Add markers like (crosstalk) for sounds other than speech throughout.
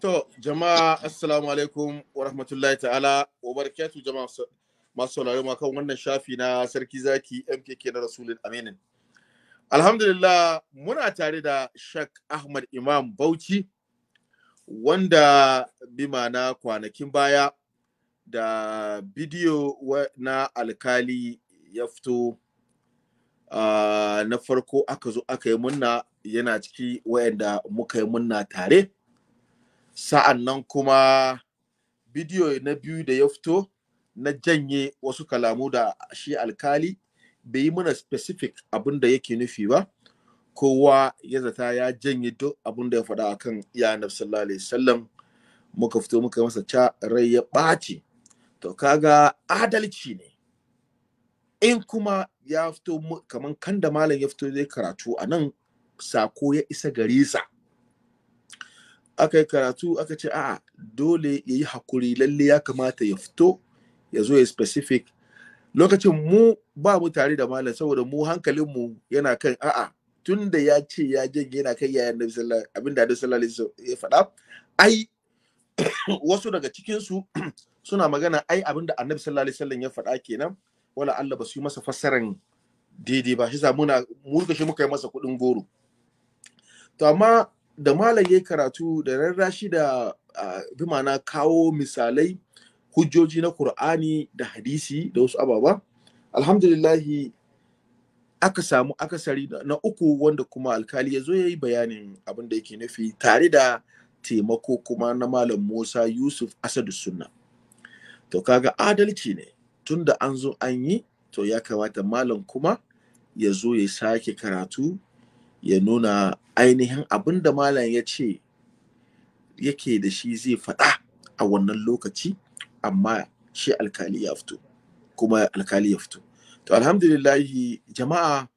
To, jama'a assalamu alaikum wa rahmatullahi ta'ala wa barakatu jama'a masu saurari ma kan wannan shafi na sarki zaki MKK na Rasulun Aminin. Alhamdulillah muna tare da Shak Ahmad Imam Bauchi wanda bima na kwanakin baya da bidiyo na alkali ya fito uh, na farko aka zo aka yi munna yana ciki wayanda muka yi munna tare. sa'an nan kuma bidiyo na biyu da ya fito na janye wasu kalamu da shi alkali bai yi mana specific abin da yake nufi ba kowa ya zata ya janye duk abin da ya faɗa akan ya yanar sallallahu sallam. muka fito muka masa ca rai ya ɓaci to kaga adalci ne in kuma ya fito kamar kan da malam ya fito zai karatu a nan sako ya isa gare aka yi karatu aka ce a'a dole ya yi hakuri lalle ya kamata ya fito ya zo ya specific lokacin mu ba mu tare da malam saboda mu hankalinmu yana kan a'a tun da ya ce ya jin yana kai yayan da abin da sallallahu ya faɗa ai (coughs) wasu daga cikinsu (coughs) suna magana ai abin da annabi sallallahu alaihi wasallam ya faɗa kenan wala Allah ba su yi masa fassaran daidai ba shi sa muna mu shi muka yi masa kuɗin goro to amma da malam ya karatu da rarrashi da bi mana kawo misalai hujjoji na Kur'ani da hadisi da wasu ababa alhamdulillahi aka samu akasari na uku wanda kuma alkali ya zo ya yi bayanin abin da yake nufi tare da taimako kuma na malam musa yusuf asadu sunna to kaga adalci ne tunda an zo an yi to ya kamata malam kuma ya zo ya sake karatu ya nuna ainihin abin da malam ya ce yake da shi zai faɗa a wannan lokaci amma shi alkali ya fito kuma alkali ya fito to alhamdulillahi jama'a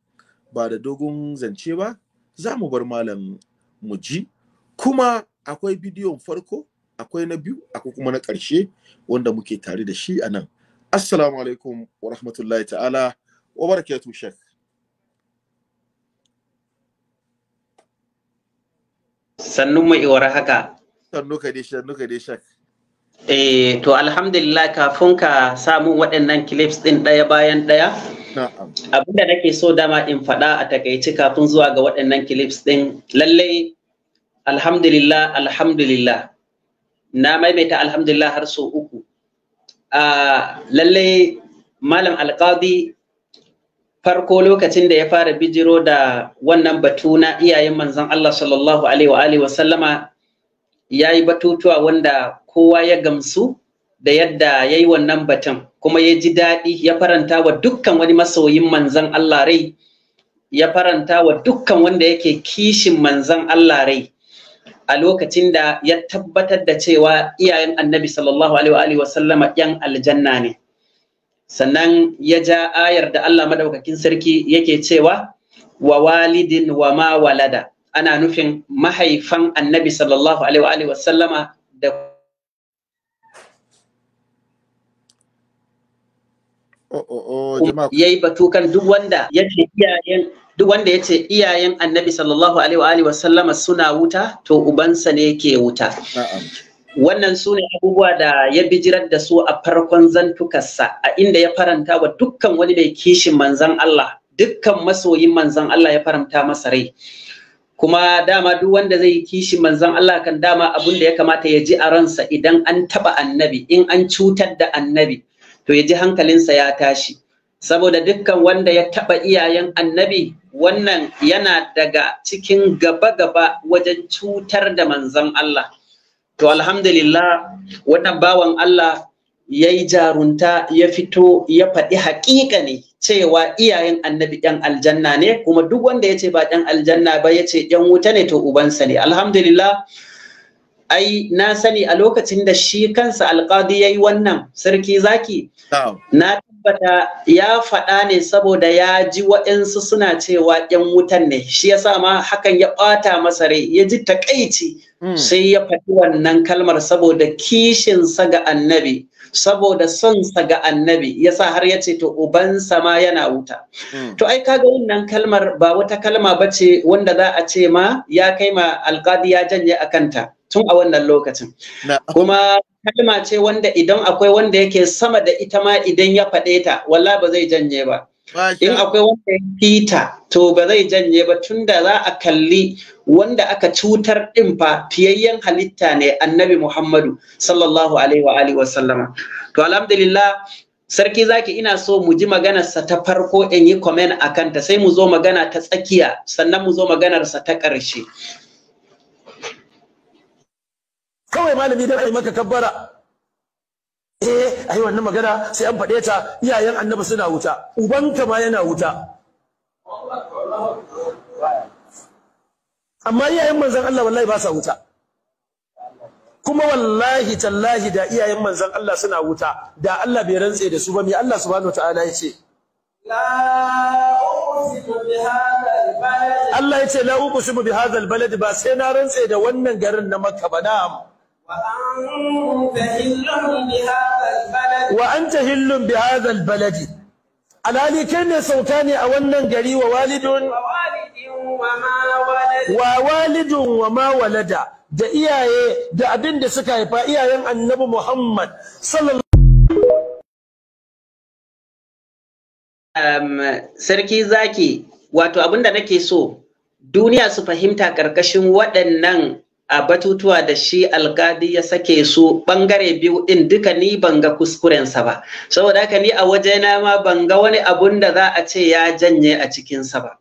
ba da dogon zance ba za mu bar malam mu ji kuma akwai bidiyon farko akwai na biyu akwai kuma na ƙarshe wanda muke tare da shi a nan assalamu alaikum wa rahmatullahi ta'ala wa barakatuh shek sannun mai iwara haka sannu ka dai sannu ka dai shak eh to alhamdulillah kafin ka samu waɗannan clips din ɗaya bayan ɗaya Abinda nake so dama in faɗa a takaici kafin zuwa ga waɗannan clips din lallai alhamdulillah alhamdulillah na maimaita alhamdulillah har so uku ah, lallai malam alƙadi farko lokacin da ya fara bijiro da wannan batu na iyayen manzan Allah sallallahu alaihi wa yayi batutuwa wanda kowa ya gamsu da yadda ya yi wannan batun kuma ya ji daɗi ya faranta wa dukkan wani masoyin manzan Allah rai ya faranta wa dukkan wanda yake kishin manzan Allah rai a lokacin da ya tabbatar da cewa iyayen annabi sallallahu alaihi wa yan aljanna ne sannan ya ja ayar da Allah madaukakin sarki yake cewa wa walidin wa ma walada ana nufin mahaifan annabi sallallahu alaihi wa sallama da oh, oh, oh, ya yi batu kan duk wanda ya ce iyayen duk wanda iyayen annabi sallallahu alaihi wa sallama suna wuta to ubansa ne ke wuta wannan su ne abubuwa da ya bijirar da su a farkon zantukarsa a inda ya faranta wa dukkan wani mai kishin manzan Allah dukkan masoyin manzan Allah ya faranta masa rai kuma dama duk wanda zai yi kishin manzan Allah kan dama abun da ya kamata ya ji a ransa idan an taba annabi in an cutar da annabi to ya ji hankalinsa ya tashi saboda dukkan wanda ya taba iyayen annabi wannan yana daga cikin gaba-gaba wajen cutar da manzan Allah. to alhamdulillah wannan bawan Allah ya yi jarunta ya fito ya faɗi haƙiƙa ne cewa iyayen annabi ɗan aljanna ne kuma duk wanda ya ce ba ɗan aljanna ba ya ce ɗan wuta ne to ubansa ne alhamdulillah ai na sani a lokacin da shi kansa alƙadi ya yi wannan sarki zaki na tabbata ya faɗa ne saboda ya ji waɗansu suna cewa ‘yan wutan ne, shi ya ma hakan ya ɓata masa rai, ya ji takaici hmm. sai ya faɗi wannan kalmar saboda kishinsa ga annabi, saboda sonsa ga annabi, ya sa har ya ce to ubansa ma yana wuta. Hmm. To ai kaga wannan kalmar ba wata kalma ba ce wanda za a ce ma ya kai ma alƙadi ya janye a kanta tun a wannan lokacin. Kuma kalma ce wanda idan akwai wanda yake sama da ita ma idan ya faɗe ta wallahi ba zai janye ba in akwai wanda ya fita to ba zai janye ba tunda za a kalli wanda aka cutar ɗin fa fiyayyen halitta ne annabi muhammadu sallallahu alaihi wa alihi wa sallama to alhamdulillah sarki zaki ina so mu ji maganarsa ta farko in yi comment a kanta sai mu zo magana ta tsakiya sannan mu zo maganarsa ta ƙarshe kawai malami dan ai maka kabbara eh ai wannan magana sai an faɗe ta iyayen annabi suna wuta ubanka ma yana wuta amma iyayen manzon Allah wallahi ba sa wuta kuma wallahi tallahi da iyayen manzon Allah suna wuta da Allah bai rantse da su ba me Allah subhanahu wataala ya ce Allah ya ce la uqsimu bi hadha al-balad ba sai na rantse da wannan garin na Makka ba na'am wa anta hillun bi hadha baladi alali kai ne sauka ne a wannan gari wa walidun wa walidun da iyaye da abin da suka haifa iyayen annabi Muhammad sallallahu um, sarki zaki wato abin da nake so duniya su fahimta ƙarƙashin waɗannan a batutuwa da shi alkadi ya sake su bangare biyu in duka ni ban ga kuskurensa ba saboda haka ni a wajena ma ban ga wani abun da za a ce ya janye a cikinsa ba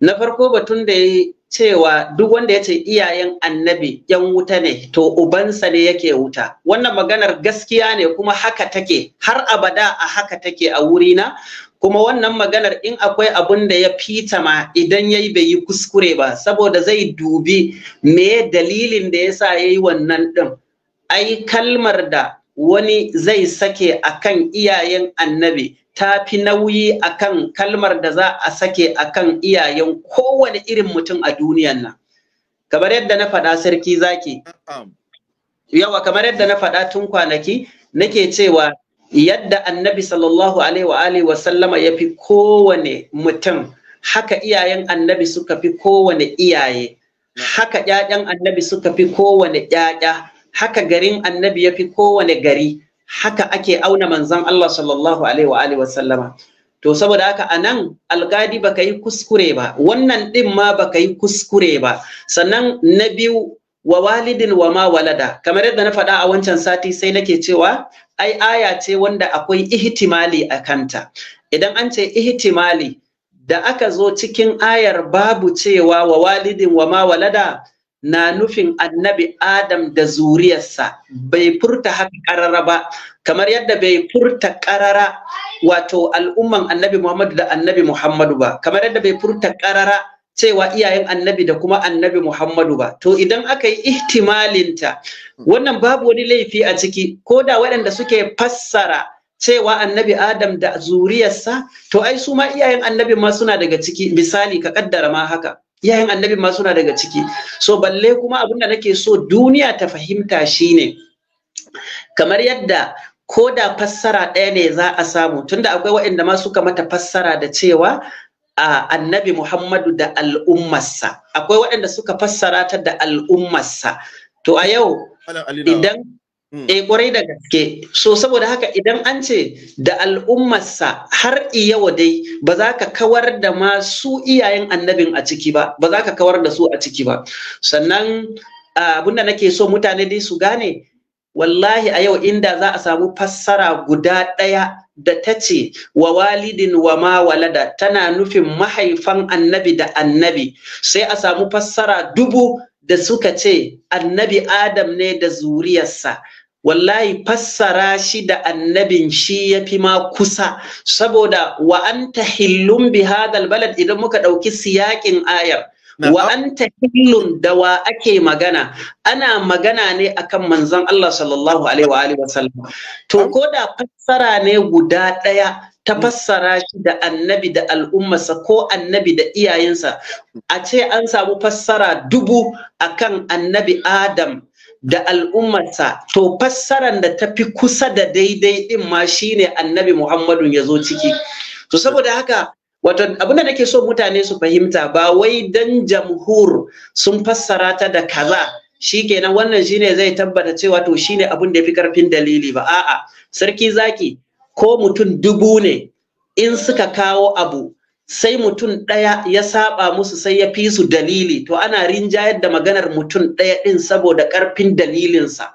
na farko batun da ya cewa duk wanda ya ce iyayen annabi yan wuta ne to ubansa ne yake wuta wannan maganar gaskiya ne kuma haka take har abada a haka take a wurina kuma wannan maganar in akwai abun da ya fita ma idan ya bai yi kuskure ba saboda zai dubi me dalilin da ya sa ya yi wannan ɗin ai kalmar da wani zai sake akan iyayen annabi ta fi nauyi akan kalmar da za a sake akan iyayen kowane irin mutum a duniyan nan kamar yadda na faɗa sarki zaki yawa kamar yadda na faɗa tun kwanaki nake cewa yadda annabi sallallahu alaihi wa wa sallama ya fi kowane mutum haka iyayen annabi suka fi kowane iyaye haka ƴaƴan annabi suka fi kowane ƴaƴa haka garin annabi ya fi kowane gari haka ake auna manzon Allah sallallahu alaihi wa wa sallama to saboda haka anan alkadi baka yi kuskure ba wannan din ma baka yi kuskure ba sannan na biyu wa walidin wa ma walada kamar yadda na faɗa a wancan sati sai nake cewa ai aya ce wanda akwai ihtimali a kanta idan an ce ihtimali da aka zo cikin ayar babu cewa wa walidin wa ma walada na nufin annabi adam da zuriyarsa bai furta haka karara ba kamar yadda bai furta karara wato al'umman annabi muhammadu da annabi muhammadu ba kamar yadda bai furta karara cewa iyayen annabi da kuma annabi Muhammadu ba. To idan aka yi ihtimalinta, wannan babu wani laifi a ciki, ko da waɗanda suke fassara cewa annabi Adam da zuriyarsa, to ai su ma iyayen annabi ma suna daga ciki, misali ka kaddara ma haka. Iyayen annabi ma suna daga ciki. So balle kuma abin da nake so duniya ta fahimta shine kamar yadda ko da fassara ɗaya ne za a samu tunda akwai waɗanda ma suka mata fassara da cewa annabi Muhammadu da al'ummarsa akwai waɗanda suka fassara ta da al'ummarsa to a yau idan hmm. e eh, kwarai da gaske so saboda haka idan an ce da al'ummarsa har iya dai ba za ka kawar da ma su iyayen annabin a ciki ba ba za ka kawar da su a ciki ba sannan abinda nake so mutane dai su gane wallahi a yau inda za a samu fassara guda ɗaya da ta ce wa walidin wa ma walada tana nufin mahaifan annabi da annabi sai a samu fassara dubu da suka ce annabi adam ne da zuriyarsa wallahi fassara shi da annabin shi ya fi ma kusa saboda wa anta hillum bi hadal balad idan muka ɗauki siyaƙin ayar wa anta hillun da wa ake magana ana magana ne akan manzon Allah sallallahu alaihi wa alihi wasallam to ko da fassara ne guda ɗaya ta mm. fassara shi da annabi da al'ummarsa ko annabi da iyayensa a ce an samu fassara dubu akan annabi Adam da al'ummarsa to fassaran da ta fi kusa da daidai din ma shine annabi Muhammadu ya zo ciki to saboda haka wato abinda nake so mutane su fahimta ba wai dan jamhur sun fassara ta da kaza shikenan wannan shine zai tabbata cewa to shine abin da yafi karfin dalili ba a'a sarki zaki ko mutum dubu ne in suka kawo abu sai mutum ɗaya ya saba musu sai ya fi su dalili to ana rinjayar da maganar mutum ɗaya ɗin saboda ƙarfin dalilinsa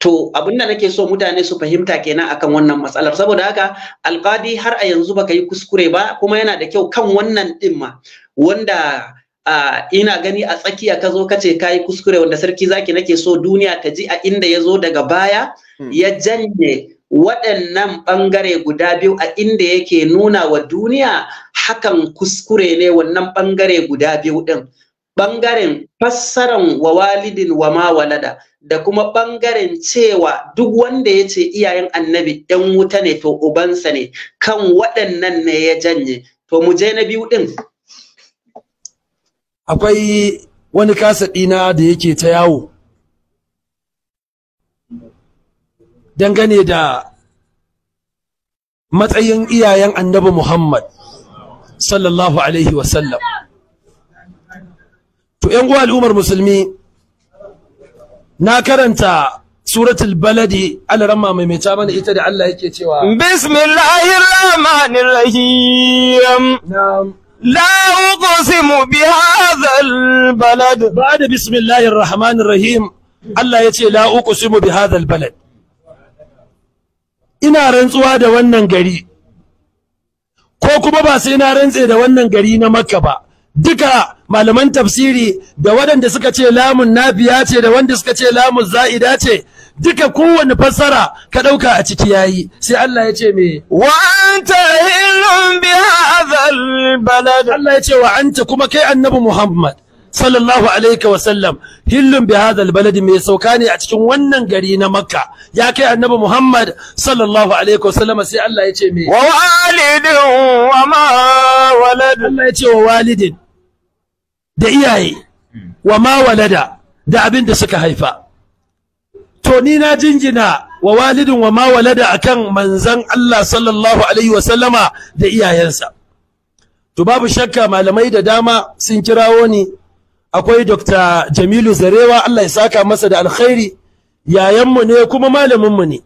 to abin da nake so mutane su fahimta kenan akan wannan matsalar saboda haka alƙadi har a yanzu baka yi kuskure ba kuma yana da kyau kan wannan ɗin ma wanda Uh, ina gani a tsakiya ka zo ka ce ka yi kuskure wanda sarki zaki nake so duniya ta ji a inda ya zo daga baya hmm. ya janye waɗannan ɓangare guda biyu a inda yake nuna wa duniya hakan kuskure ne wannan ɓangare guda biyu ɗin ɓangaren fassaran wa walidin wa ma walada da kuma ɓangaren cewa duk wanda ya ce iyayen annabi ɗan wuta ne to ubansa ne kan waɗannan ne ya janye to mu je na biyu ɗin akwai wani kasa ɗina da yake ta yawo dangane da matsayin iyayen annabi Muhammad sallallahu alaihi wasallam to yan uwa al'ummar musulmi na karanta suratul baladi alarama mai mana ita da Allah yake cewa bismillahir rahmanir rahim na'am لا أقسم بهذا البلد بعد بسم الله الرحمن الرحيم الله يتي لا أقسم بهذا البلد ina rantsuwa da wannan gari ko kuma ba sai na rantse da wannan gari na makka ba duka malaman tafsiri da waɗanda suka ce lamun nafiya ce da wanda suka ce lamun za'ida ce duka kowanne fassara ka ɗauka a ciki yayi sai Allah ya ce me wa anta hillun bi hadhal balad Allah ya ce wa anta kuma kai annabi Muhammad sallallahu alaihi wa sallam hillun bi hadha albalad mai sauka ne a cikin wannan gari na makka ya kai annabi muhammad sallallahu alaihi wa sai Allah ya ce me wa walidin wa ma walad Allah ya ce wa walidin da iyaye wa ma walada da abin da suka haifa to ni na jingina wa walidin wa ma walada akan manzan Allah sallallahu alaihi wa sallama da iyayensa to babu shakka malamai da dama sun kirawo ni akwai Dr. Jamilu Zarewa Allah ya saka masa da alkhairi yayanmu ne kuma malaminmu ne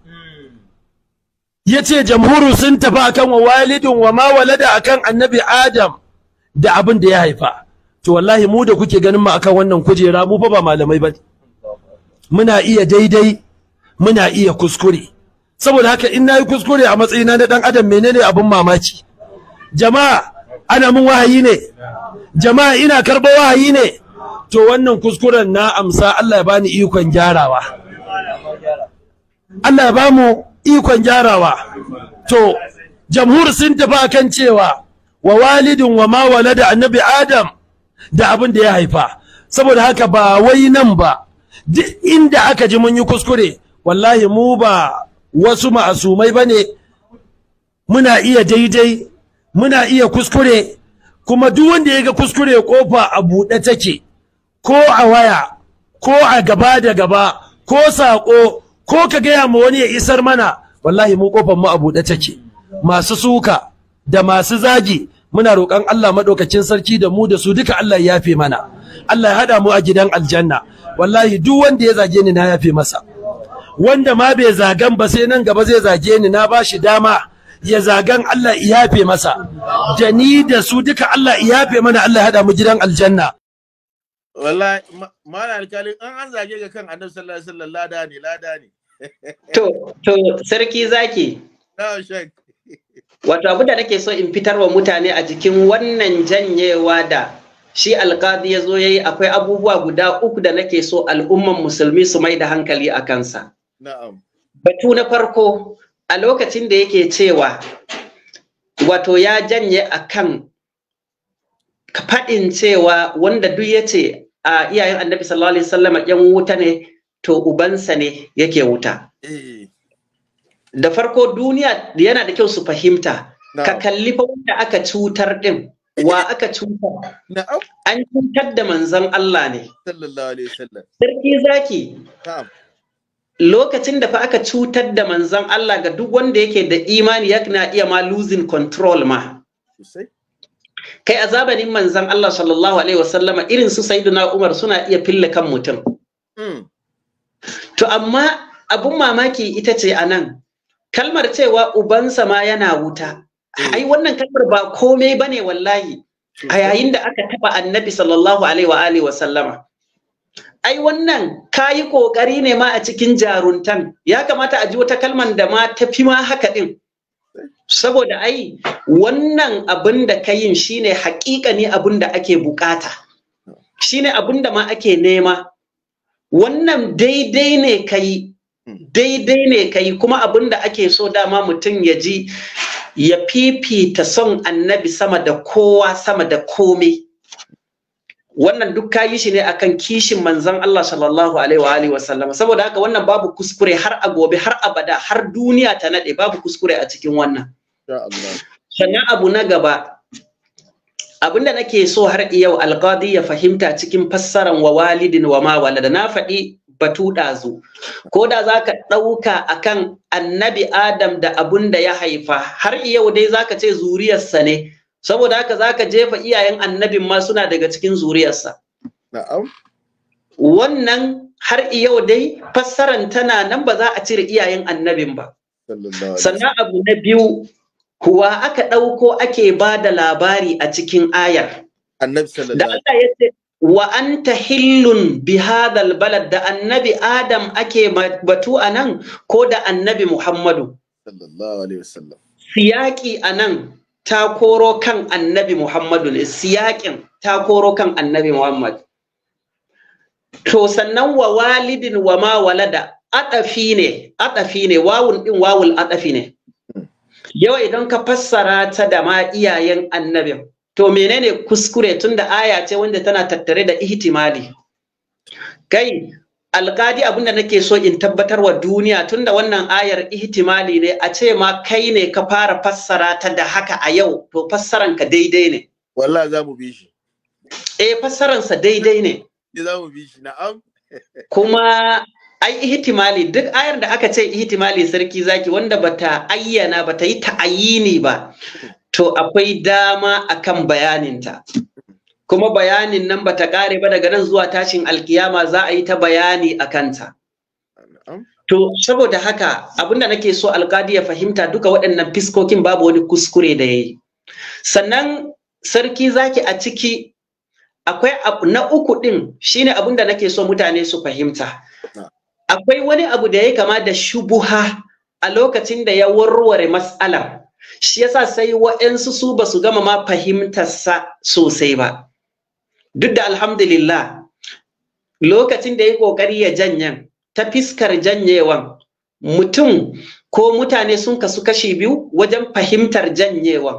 ya ce jamhuru sun tafi akan wa walidin wa ma walada akan annabi Adam da abin da ya haifa to wallahi mu da kuke ganin mu akan wannan kujera mu fa ba malamai ba muna iya daidai muna iya kuskure saboda haka in yi kuskure a matsayina na dan adam menene abin mamaki jama'a ana mun wahayi ne jama'a ina karɓar wahayi ne to wannan kuskuren na amsa Allah ya bani ikon gyarawa Allah ya bamu ikon gyarawa to jamhur sun tafi kan cewa wa walidin wa ma walada annabi adam da abin da ya haifa saboda haka ba wai nan ba duk inda aka ji mun yi kuskure wallahi mu ba wasu ma'asumai bane muna iya daidai muna iya kuskure kuma duk wanda ya ga kuskure kofa a buɗe take ko a waya ko a gaba da gaba ko saƙo ko ka gaya ma wani ya isar mana wallahi mu kofar mu a buɗe take masu suka da masu zagi muna roƙon Allah maɗaukacin sarki da mu da su duka Allah ya yafe mana Allah ya haɗa mu a gidan aljanna wallahi duk wanda ya zage ni na yafe masa wanda ma bai zagan ba sai nan gaba zai zage ni na bashi dama ya zagan Allah ya yafe masa da ni da su duka Allah ya yafe mana Allah ya haɗa mu gidan aljanna wallahi mala alkalin an an zage ga kan annabi sallallahu alaihi wasallam lada ne lada ne (laughs) to to sarki zaki wato abu da nake so in fitar wa mutane a jikin wannan janyewa da shi alkadi ya zo ya yi akwai abubuwa guda uku da nake so al'umman musulmi su mai da hankali a kansa. Batu na farko a lokacin da yake cewa wato ya janye a kan faɗin cewa wanda duk ya ce a iyayen annabi sallallahu alaihi wasallam yan wuta ne to ubansa ne yake wuta eh. da farko duniya yana da kyau su fahimta ka kalli fa wanda aka cutar din wa aka cutar an cutar da manzon Allah ne sallallahu alaihi wasallam sarki zaki lokacin da fa aka cutar da manzon Allah ga duk wanda yake da imani yana iya ma losing control ma kai a zamanin manzon Allah sallallahu alaihi wasallama irin su na Umar suna iya fille kan mutum hmm. to amma abun mamaki ita ce a nan, kalmar cewa ubansa ma yana wuta hmm. ai wannan kalmar ba komai bane wallahi a yayin da aka taba annabi sallallahu alaihi wa sallama ai wannan kayi kokari ne ma a cikin jaruntan ya kamata a ji wata kalmar da ma tafi ma haka din saboda ai wannan abin da ka yin shi ne ne abin da ake bukata ne abin da ma ake nema wannan daidai ne ka yi daidai ne ka yi kuma abin da ake so dama mutum ya ji ya fifita son annabi sama da kowa sama da komai wannan duk ka shi ne akan kishin manzon Allah sallallahu alaihi wa alihi saboda haka wannan babu kuskure har a gobe har abada har duniya ta nade babu kuskure a cikin wannan sannan abu na gaba abinda nake so har yau alƙadi ya fahimta cikin fassaran wa walidin wa ma walada na faɗi batu ɗazu ko da za ka ɗauka akan annabi adam da abun da ya haifa har yau dai za ka ce zuriyarsa ne saboda haka za ka jefa iyayen annabin ma suna daga cikin zuriyarsa wannan har yau dai fassaran tana nan ba za a cire iyayen annabin ba sannan abu na biyu Wa aka ɗauko ake ba da labari a cikin ayar. Da Allah ya ce, wa an hillun bi hadal balad da annabi Adam ake batu a nan ko da annabi Muhammadu. Siyaƙi a nan ta koro kan annabi Muhammadu ne, siyaƙin ta koro kan annabi Muhammadu. To sannan wa walidin wa ma walada, aɗafi ne, aɗafi ne, wawun ɗin wawul aɗafi ne. yau idan ka fassara ta da ma iyayen annabin to menene kuskure tunda aya ce wanda tana tattare da ihtimali kai alƙadi abin da nake so in tabbatar wa duniya tunda wannan ayar ihtimali ne a ce ma kai ne ka fara fassara ta da haka a yau to fassaran ka daidai ne wallah za mu bi shi eh fassaran sa daidai ne za mu bi shi na'am kuma ai ihtimali duk ayar da aka ce ihtimali sarki zaki wanda bata ayyana bata yi ta'ayini ba to akwai dama akan bayaninta kuma bayanin nan bata kare ba daga nan zuwa tashin alkiyama za a yi ta bayani akanta to saboda haka abinda nake so alkadi ya fahimta duka waɗannan fiskokin babu wani kuskure da yayi sannan sarki zaki a ciki akwai na uku din shine abinda nake so mutane su fahimta akwai wani abu da ya kama da shubuha a lokacin da ya warware matsalar shi yasa sai waɗansu su ba su gama ma fahimtarsa sosai ba duk da alhamdulillah lokacin da ya kokari ya janyen ta fiskar janyewan mutum ko mutane sun kasu kashi biyu wajen fahimtar janyewan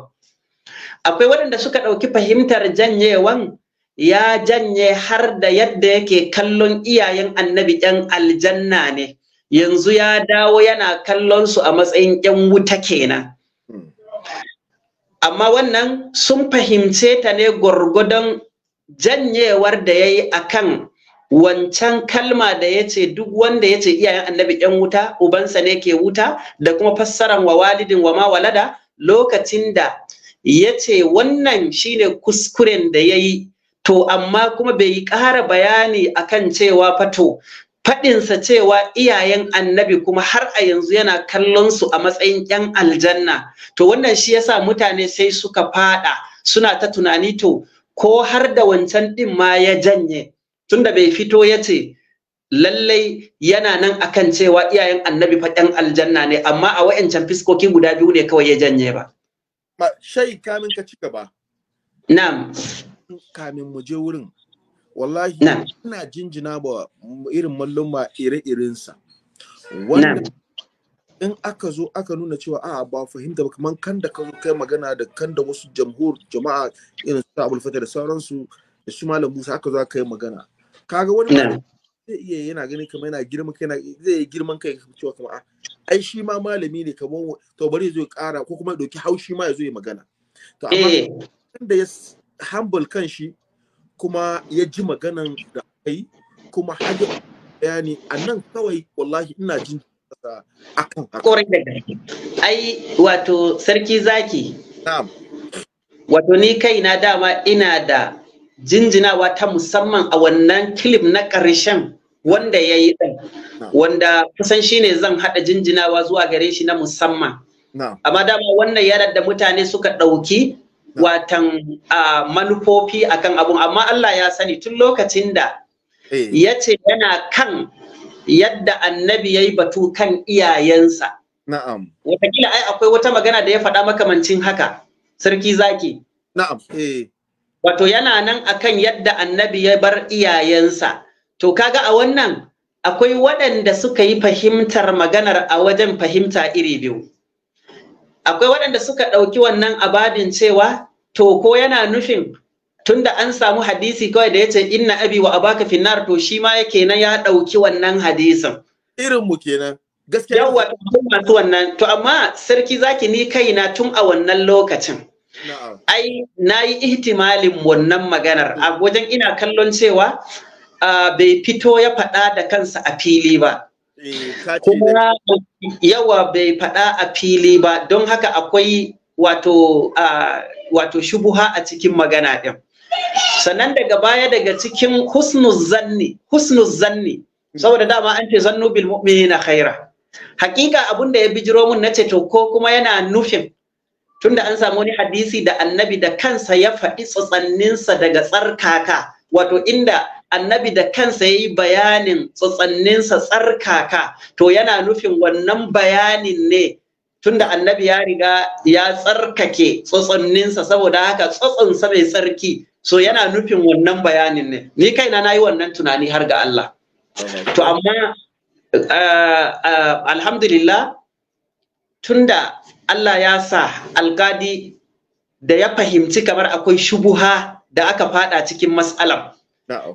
akwai waɗanda suka ɗauki fahimtar janyewan ya janye har da yadda yake kallon iyayen annabi ‘yan aljanna ne, yanzu ya dawo yana kallon su a matsayin ‘yan wuta kenan. Hmm. Amma wannan sun fahimce ta ne gwargwadon janyewar da ya yi a kan wancan kalma da ya ce duk wanda ya ce iyayen annabi ‘yan wuta, ubansa ne ke wuta, da kuma fassaran wa walidin wa ma walada lokacin da ya ce wannan shine kuskuren da ya yi to amma kuma bai yi ƙara bayani akan cewa fato faɗinsa cewa iyayen annabi kuma har a yanzu yana kallon su a matsayin 'yan aljanna to wannan shi yasa mutane sai suka faɗa suna ta tunani to ko har da wancan ɗin ma ya janye tunda bai fito ya ce lallai yana nan akan cewa iyayen annabi fa 'yan aljanna ne amma a wa'yancan fiskoki guda biyu ne kawai ya janye ba. Shai kamin ka ci gaba. Na'am. kamin mu je wurin wallahi ina jinjina ba irin malluma ire irinsa wanda in aka zo aka nuna cewa a ba fahimta ba kamar kan da kai magana da kan da wasu jamhur jama'a irin su abul fata da sauransu da su malam musa aka zo aka yi magana kaga wani zai iya yana gani kamar yana girma kai zai yi girman kai cewa kamar a ai shi ma malami ne kamar to bari zai kara ko kuma ya haushi ma ya zo ya magana to amma eh. da ya humble kan shi kuma ya ji maganan da kai, kuma hajji bayani a nan kawai wallahi ina jin akan haka. da Ai wato sarki zaki. Na'am. Wato ni kaina dama ina da jinjinawa ta musamman a wannan kilif na ƙarshen wanda ya yi ɗan, wanda kusan shi ne zan haɗa jinjinawa zuwa gare shi na musamman. Amma dama wannan yanar da mutane suka ɗauki watan manufofi akan abun amma Allah ya sani tun lokacin da eh. ya ce yana kan yadda annabi ya yi batu kan iyayensa na'am wataƙila ai akwai wata magana da ya faɗa makamancin haka sarki zaki na'am eh. wato yana nan akan yadda annabi ya bar iyayensa to kaga a wannan akwai waɗanda suka yi fahimtar maganar a wajen fahimta iri biyu akwai waɗanda suka ɗauki wannan abadin cewa to ko yana nufin tunda an samu hadisi kawai da ya ce inna abi wa abaka finnar to shi ma yake nan ya ɗauki wannan hadisin irin mu kenan gaskiya yawa tun masu wannan to amma sarki zaki ni kaina tun a wannan lokacin ai na yi ihtimalin wannan maganar a wajen ina kallon cewa bai fito ya faɗa da kansa a fili ba Eh, kuma yawa bai faɗa a fili ba don haka akwai wato wato shubuha a cikin magana ɗin sannan daga baya daga cikin husnu zanni saboda dama an ce zannu bil mu'minina khaira hakika abin da ya bijiro mun nace to ko kuma yana nufin tunda an samu wani hadisi da annabi da kansa ya faɗi tsatsanninsa daga tsarkaka wato inda annabi da kansa ya yi bayanin tsatsanninsa tsarkaka to yana nufin wannan bayanin ne tunda annabi ya riga ya tsarkake tsatsanninsa saboda haka tsatsansa mai tsarki so yana nufin wannan bayanin ne ni kaina na yi wannan tunani har ga Allah to amma eh, eh, alhamdulillah tunda Allah ya sa alkadi da ya fahimci kamar akwai shubuha da aka fada cikin matsalar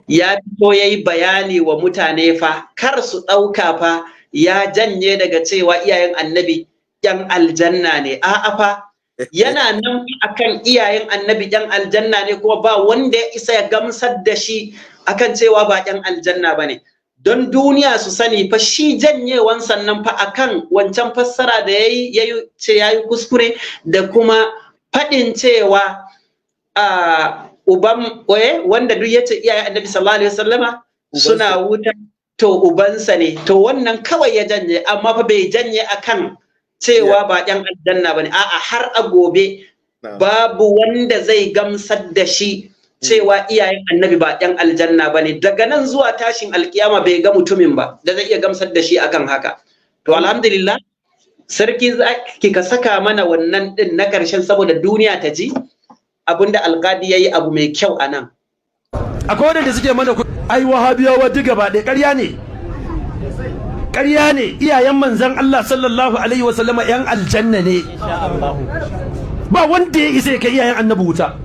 ya fito ya yi bayani wa mutane fa kar su ɗauka fa ya janye daga cewa iyayen annabi ‘yan aljanna ne a'a fa (laughs) yana nan akan iyayen annabi ‘yan aljanna ne kuma ba wanda ya isa ya gamsar da shi akan cewa ba ‘yan aljanna ba ne don duniya su sani fa shi janyewan sannan fa akan wancan fassara da ya yi ce ya yi kuskure da kuma faɗin cewa ah, uban oye eh, wanda duk yace iyaye annabi sallallahu alaihi wasallama suna wuta to ubansa ne to wannan kawai ya janye amma fa bai janye akan cewa ba ɗan aljanna bane a'a har a gobe babu wanda zai gamsar da shi cewa hmm. iyayen annabi ba ɗan aljanna bane daga nan zuwa tashin alkiyama bai ga mutumin ba da zai iya gamsar da shi akan haka to hmm. alhamdulillah sarki ki ka saka mana wannan din na karshen saboda duniya ta ji abinda alkadi yayi abu mai kyau anan akwai wadanda suke mana ai wahabiyawa duk gaba ɗaya ƙarya ne ƙarya ne iyayen manzon Allah sallallahu alaihi wasallama yan aljanna ne ba wanda ya isa kai iyayen annabi wuta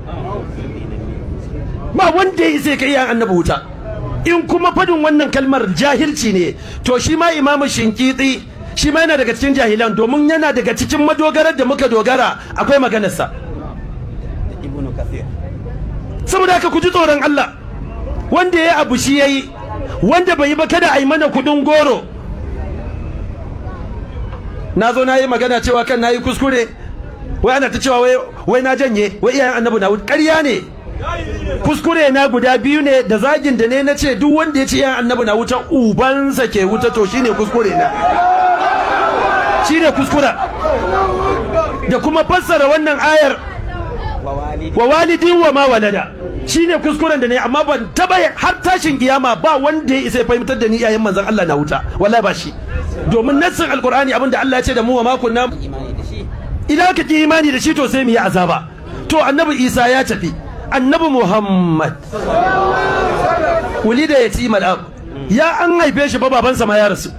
ba wanda ya isa kai iyayen annabi wuta in kuma fadin wannan kalmar jahilci ne to shi ma imamu shinkitsi shi ma yana daga cikin jahilan domin yana daga cikin madogarar da muka dogara akwai maganarsa saboda haka ku ji tsoron Allah wanda ya abu shi yayi wanda bai yi ba kada ai mana kudin goro na zo na yi magana cewa kan na yi kuskure wai ana ta cewa wai na janye wai iyayen annabi na ƙarya ne kuskure na guda biyu ne da zagin da ne na ce duk wanda ya ce iyayen annabi na wuta ubansa ke wuta to shine kuskure na shine kuskura da kuma fassara wannan ayar wa walidi wa ma walada shine kuskuren da ne amma ban taba har tashin kiyama ba wanda ya isa fahimtar da ni iyayen manzon Allah na wuta wallahi ba shi domin nassin alqur'ani abinda Allah ya ce da mu wa ma kunna idan ka ji imani da shi to sai mu yi azaba to annabi Isa ya tafi annabi Muhammad wulida yatim al-ab ya an haife shi ba babansa ma ya rasu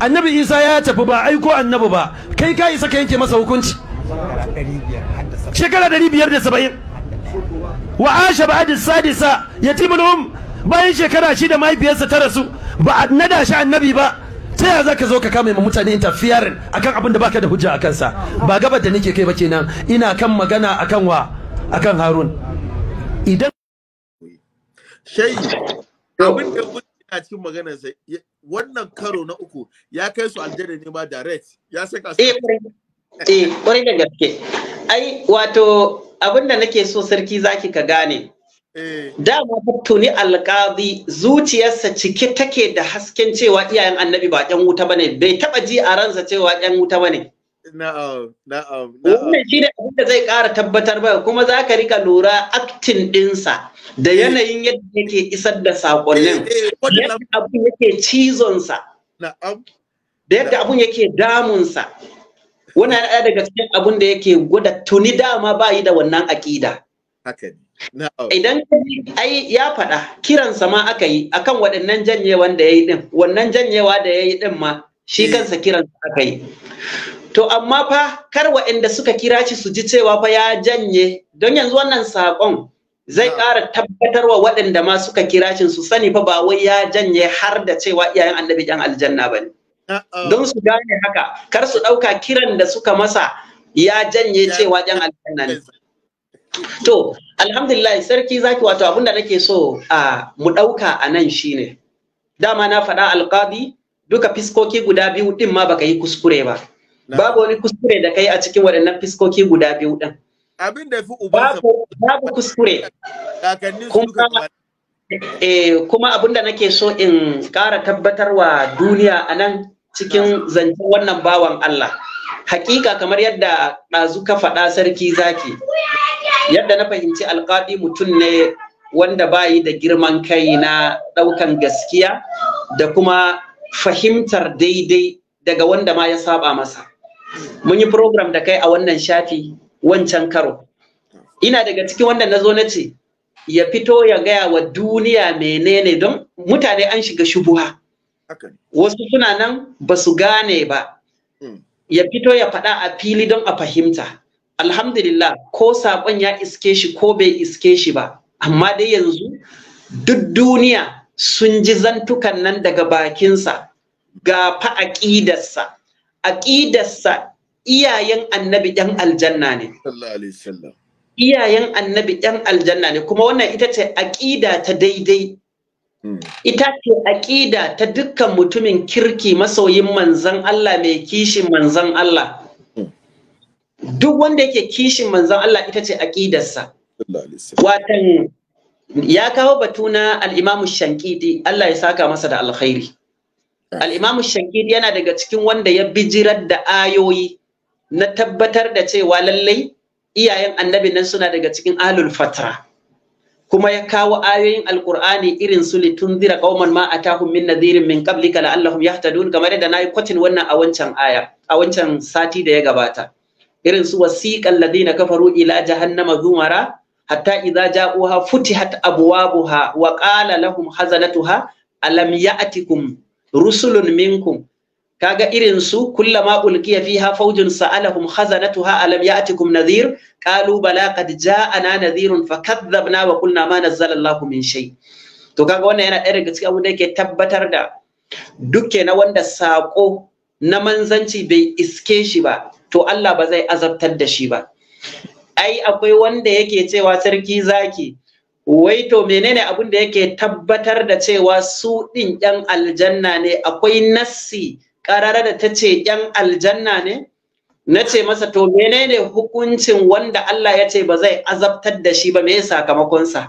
annabi Isa ya tafi ba aiko annabi ba kai ka isa ka yanke masa hukunci shekara ɗari biyar da saba'in wa asha ba'ad sadisa yatimun um bayan shekara shida mahaifiyarsa ta rasu ba a nada shi annabi ba ta yaya ka zo ka kame mutane interfering akan abin da baka da hujja akan sa ba gabar da nake kai ba kenan ina kan magana akan wa akan Harun idan shayi abin da a cikin maganarsa wannan karo na uku ya kai su aljanna ne ma direct ya saka su eh kwarai eh, da gaske ai wato abin da nake so sarki zaki ka gane eh. dama tuni alkazi zuciyarsa cike take da hasken cewa iyayen annabi ba ƴan wuta bane bai taba ji a ransa cewa ƴan wuta bane na'am wannan shine abin da zai ƙara tabbatar ba kuma za ka rika lura aktin ɗinsa da eh. yanayin yadda yake isar da saƙonnin eh, yadda abin yake cizonsa da yadda abin yake damunsa wannan ɗaya daga cikin abin da yake gwada tuni dama ba yi da wannan aƙida idan ai ya faɗa kiransa ma aka yi akan waɗannan janyewan da ya yi ɗin wannan janyewa da ya yi ɗin ma shi eh. kansa kiransa aka yi To amma fa kar waɗanda suka kira shi su ji cewa fa ya janye don yanzu wannan saƙon zai ƙara tabbatarwa waɗanda ma suka kira shi su sani fa ba wai ya janye har da cewa iyayen annabi ɗan aljanna ba ne. don su gane haka kar su ɗauka kiran da suka masa ya janye cewa wajen aljanna ne to alhamdulillah sarki zaki wato abin da nake so a mu ɗauka a nan shine dama na faɗa alƙadi duka fiskoki guda biyu ɗin ma baka yi kuskure ba babu wani kuskure da kai a cikin waɗannan fiskoki guda biyu ɗin fi babu kuskure kuma eh kuma abin da nake so in ƙara tabbatarwa duniya a nan cikin zancen wannan bawan Allah hakika kamar yadda ɗazu ka faɗa sarki zaki yadda na fahimci alƙaɗi mutum ne wanda bayi da girman kai na ɗaukan gaskiya da kuma fahimtar daidai daga wanda ma ya saba masa mun yi program da kai a wannan shafi wancan karo ina daga cikin wanda na zo na ce ya fito ya gaya wa duniya menene don mutane an shiga shubuha wasu suna nan ba su gane ba hmm. ya fito ya faɗa a fili don a fahimta alhamdulillah ko saƙon ya iske shi ko bai iske shi ba amma dai yanzu duk duniya sun ji zantukan nan daga bakinsa ga fa aƙidarsa aƙidarsa iyayen annabi ɗan aljanna ne iyayen annabi ɗan aljanna ne kuma wannan ita ce aƙida ta daidai ita ce aƙida ta dukkan mutumin kirki masoyin manzan Allah mai kishin manzan Allah duk wanda yake kishin manzan Allah ita ce aƙidarsa watan ya kawo batu na al'imamu shankidi Allah ya saka masa da alkhairi al'imamu shankidi yana daga cikin wanda ya bijirar da ayoyi na tabbatar da cewa lallai iyayen annabi nan suna daga cikin alul fatra kuma ya kawo ayoyin Alƙur'ani irin su zira qauman ma atahum min nadhirin min qablika la'allahum yahtadun kamar yadda nayi kwatin wannan a wancan aya a wancan sati da ya gabata irin su wasiqal ladina kafaru ila jahannama zumara hatta idza ja'uha futihat abwabuha wa qala lahum hazanatuha alam ya'tikum rusulun minkum kaga irin su kullama ulqiya fiha faujun sa'alahum khazanatuha alam ya'tikum nadhir qalu bala qad ja'ana nadhirun fakadhabna wa qulna ma nazzala Allahu min shay to kaga wannan yana ɗaya daga cikin abin da yake tabbatar da duke na wanda sako na manzanci bai iske shi ba to Allah ba zai azabtar da shi ba ai akwai wanda yake cewa sarki zaki wai to menene abin da yake tabbatar da cewa su ɗin 'yan aljanna ne akwai nassi ƙarara da ta ce ‘yan aljanna ne? nace masa to menene hukuncin wanda Allah ya ce ba zai azabtar da shi ba me sakamakonsa?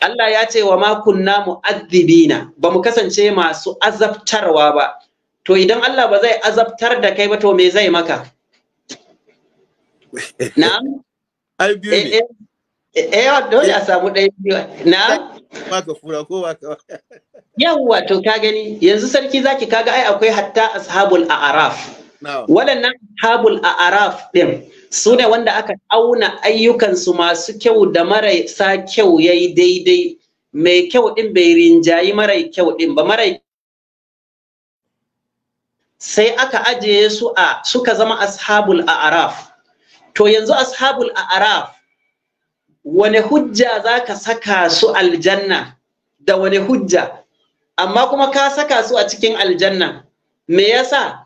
Allah ya ce wa makunna mu'azzibina ba mu kasance masu azabtarwa ba. To idan Allah ba zai azabtar da kai ba to me zai maka? (laughs) Na'am? Ai biyu ne. Eh, eh, eh, eh dole a samu dai biyu. Na'am? maka fura ko yawwa to ka gani yanzu sarki zaki kaga ai akwai hatta ashabul a'raf waɗannan ashabul a'raf din su ne wanda aka auna ayyukansu masu kyau da marasa kyau yayi daidai mai kyau din bai rinjayi mara kyau din ba mara sai aka ajiye su a suka zama ashabul a'raf to yanzu ashabul a'raf wane hujja za ka saka su aljanna da wane hujja amma kuma ka saka su a cikin aljanna me yasa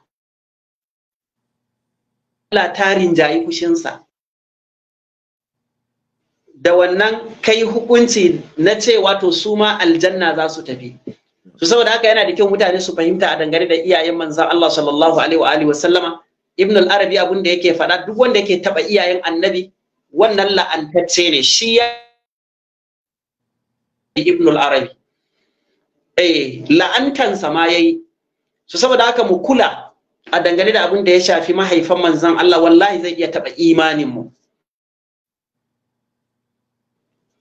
Allah tarin jayi kushinsa da wannan kai hukunci na cewa to su ma aljanna za su tafi su saboda haka yana da kyau mutane su fahimta a dangane da iyayen manzan Allah sallallahu alaihi wa alihi wa sallama ibn al-arabi abun da yake faɗa duk wanda yake taba iyayen annabi wannan la'antacce ne shi ya ibn al-arabi eh la'antansa ma yayi so saboda haka mu kula a dangane da abin da ya shafi mahaifan manzon Allah wallahi zai iya taba imanin mu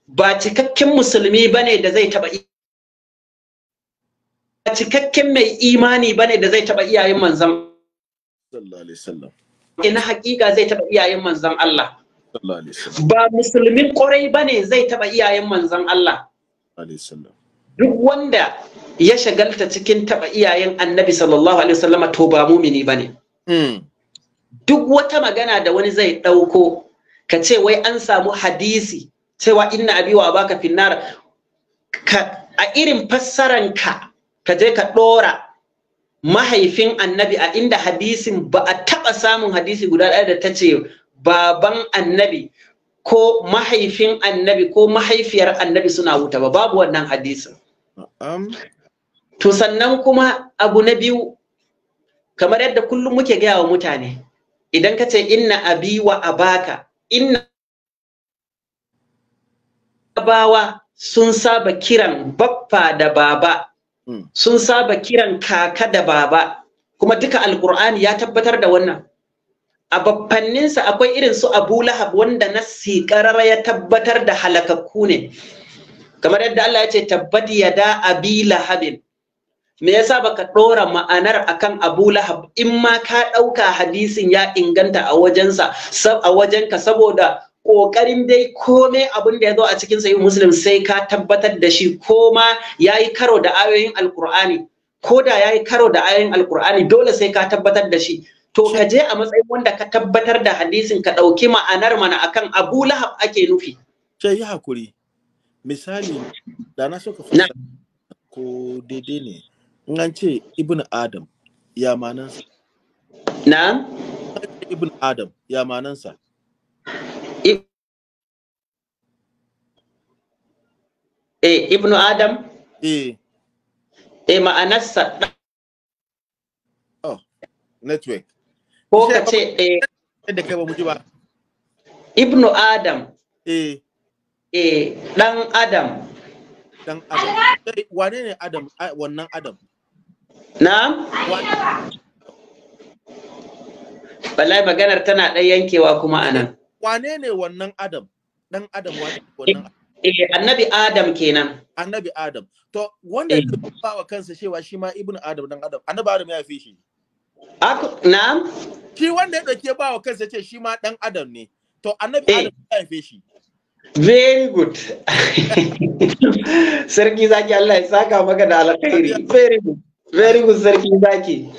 ba cikakken musulmi bane da zai taba ba cikakken mai imani bane da zai taba iyayen manzon sallallahu alaihi wasallam ina hakika zai taba iyayen manzon Allah ba musulmin ƙwarai ba ne zai taɓa iyayen manzon Allah duk wanda ya shagalta cikin taɓa iyayen annabi sallallahu alaihi wasallama to ba mumini ba ne hmm. duk wata magana da wani zai ɗauko ka ce wai an samu hadisi cewa inna abi wa baka finnar ka a irin fassaranka ka je ka ɗora mahaifin annabi a inda hadisin ba a taɓa samun hadisi guda ɗaya da ta ce baban annabi ko mahaifin annabi ko mahaifiyar annabi suna wuta ba babu wannan hadisin to sannan kuma abu na biyu kamar yadda kullum muke gaya wa mutane idan ka ce inna abi wa abaka inna bawa sun saba kiran baffa da baba hmm. sun saba kiran kaka da baba kuma duka alkur'ani ya tabbatar da wannan a baffanninsa akwai irin su abu lahab wanda na sikarara ya tabbatar da halakakku ne kamar yadda Allah ya ce ya da abi lahabin me yasa baka dora ma'anar akan abu lahab in ma ka ɗauka hadisin ya inganta a wajensa a wajenka saboda ƙoƙarin dai komai abin da ya zo a cikin sayi muslim sai ka tabbatar da shi ko ma yayi karo da ayoyin alkur'ani ko da yayi karo da ayoyin alkur'ani dole sai ka tabbatar da shi to ka je a matsayin wanda ka tabbatar da hadisin ka ɗauki ma'anar mana akan Abu Lahab ake nufi. Sai yi hakuri. Misali, da na so ka fara ko daidai ne. In an ce Ibn Adam ya manansa. Na? Ibn Adam ya manansa. Eh, Ibn Adam? Eh. Eh, ma'anarsa. Oh, network. ko ka ce eh kai ba mu ji ba ibnu adam eh eh dan adam dan adam wane ne adam wannan adam na'am wallahi maganar tana ɗan yankewa kuma anan wane ne wannan adam dan adam wane wannan eh, eh, annabi Adam kenan. Annabi Adam. To wanda ya eh. ba kansa cewa shi ma Ibn Adam dan Adam. Annabi Adam ya fi shi. na'am shi wanda ya dauke ba wa kansa ce shi ma adam ne to annabi eh. adam ya haife shi very good (laughs) sarki zaki Allah ya saka maka da alkhairi very good very good sarki zaki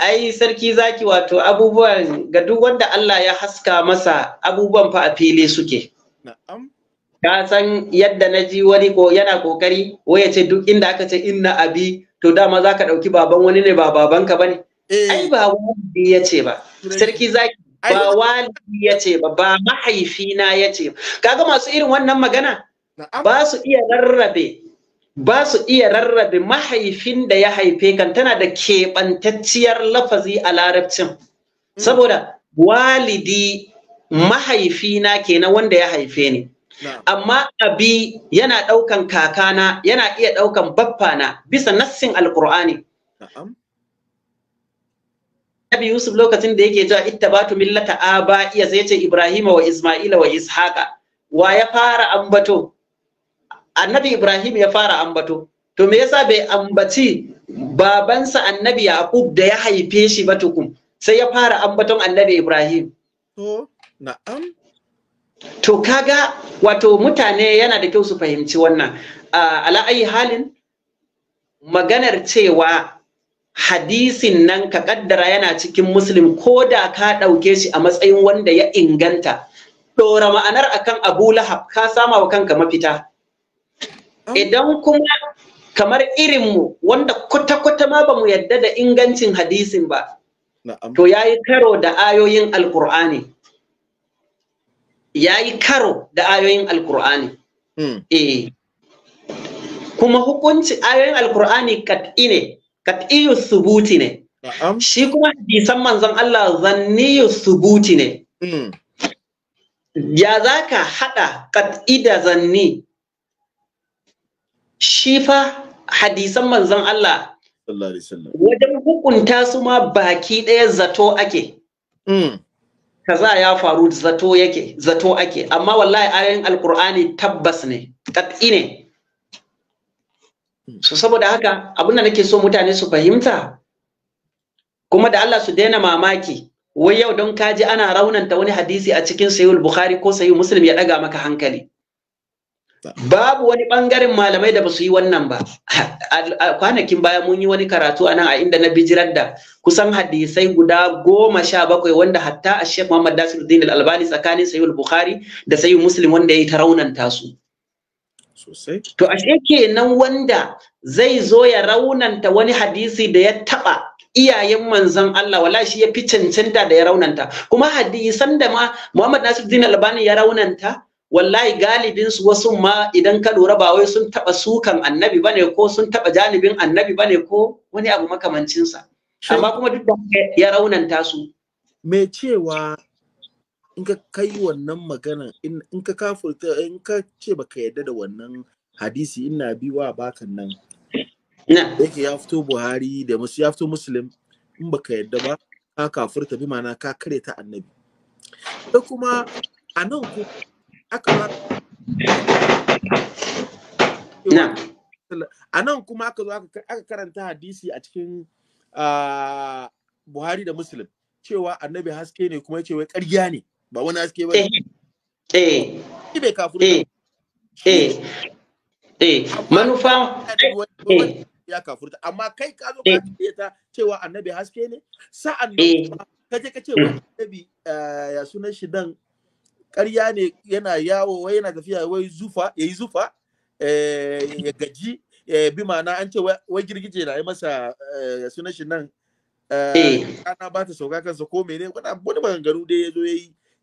ai sarki zaki wato abubuwan ga duk wanda Allah ya haska masa abubuwan fa a fili suke na'am ka san yadda na ji wani ko yana kokari wai ya ce duk inda aka ce inna abi to dama za ka ɗauki baban wani ne ba babanka ba ne Eh. ai ba walidi ya ce ba sarki zaki ba walidi ya ce ba ba mahaifina ya ce ba kaga masu irin wannan magana ba su iya rarrabe ba su iya rarrabe mahaifin da ya haife kan tana da keɓantacciyar lafazi a larabcin hmm. saboda walidi mahaifina kenan wanda ya haife ni amma abi yana ɗaukan kakana yana iya ɗaukan baffana bisa nassin alkur'ani nabi Yusuf lokacin da yake cewa ittabatu millata aba iya sai ce Ibrahim wa Isma'ila wa Ishaqa wa ya fara ambato Annabi Ibrahim ya fara ambato to me yasa bai ambaci babansa Annabi Yaqub da ya haife shi ba tukun sai ya fara ambaton Annabi Ibrahim to na'am to kaga wato mutane yana da kyau su fahimci wannan ala ayi halin maganar cewa hadisin nan ka kaddara yana cikin muslim ko da ka ɗauke shi a matsayin wanda ya inganta ɗora ma'anar akan abu lahab ka sama wa kanka mafita mm. idan kuma kamar mu wanda kwata-kwata ma ba mu yadda da ingancin hadisin ba to ya yi karo da ayoyin alkur'ani ya yi karo da ayoyin alkur'ani mm. eh kuma hukunci ayoyin alkur'ani kat'i ne kat'iyu subuti ne shi kuma hadisan manzon Allah zanniyu subuti ne hmm. ya zaka haɗa kat'i da zanni shi fa hadisan manzon Allah wajen hukunta su ma baki ɗaya zato ake hmm. kaza ya faru zato yake zato ake amma wallahi ayoyin alkur'ani tabbas ne kat'i ne Mm. so saboda haka abin da nake so mutane su fahimta kuma da Allah su daina mamaki wai yau don kaji ana raunanta wani hadisi a cikin sahihul bukhari ko sahihul muslim ya daga maka hankali babu wani bangaren malamai da ba su yi wannan ba kwanakin baya mun yi wani karatu a nan a inda na bijirar da kusan hadisai guda goma sha bakwai wanda hatta a Sheikh muhammad Dasiruddin al-albani tsakanin sayyid bukhari da sayyid muslim wanda ya yi ta raunanta su sosai to ashe kenan wanda zai zo ya raunanta wani hadisi da ya taba iyayen manzon Allah wala shi ya fi cancanta da ya raunanta kuma hadisan da ma Muhammad Nasiruddin Albani ya raunanta wallahi galibin su wasu ma idan ka lura ba wai sun taba sukan annabi bane ko sun taba janibin annabi bane ko wani abu makamancin sa amma kuma duk da ya raunanta su me cewa in ka kai wannan magana in ka kafurta in ka ce baka yarda da wannan hadisi ina biwa bakan nan yake ya fito buhari da musu ya fito muslim in baka yarda ba ka kafurta bi mana ka kare ta annabi da kuma a nan ku aka a nan kuma aka zo aka karanta hadisi a cikin ah, buhari da muslim cewa annabi haske ne kuma ya ce wai ƙarya ne ba wani aske ba eh, eh bai kafir eh eh eh manufa eh, eh. ya kafurta amma kai ka zo ka ce eh. ta cewa annabi haske ne sa'an ka je ka ce wa annabi ya sunan shi dan ƙarya ne yana yawo wai yana tafiya wai zufa yayi zufa ya gaji bi ma'ana an ce wai girgije na yi masa ya sunan shi nan ana ba ta sauka kansa ko mene wani maganganu dai ya zo ya yi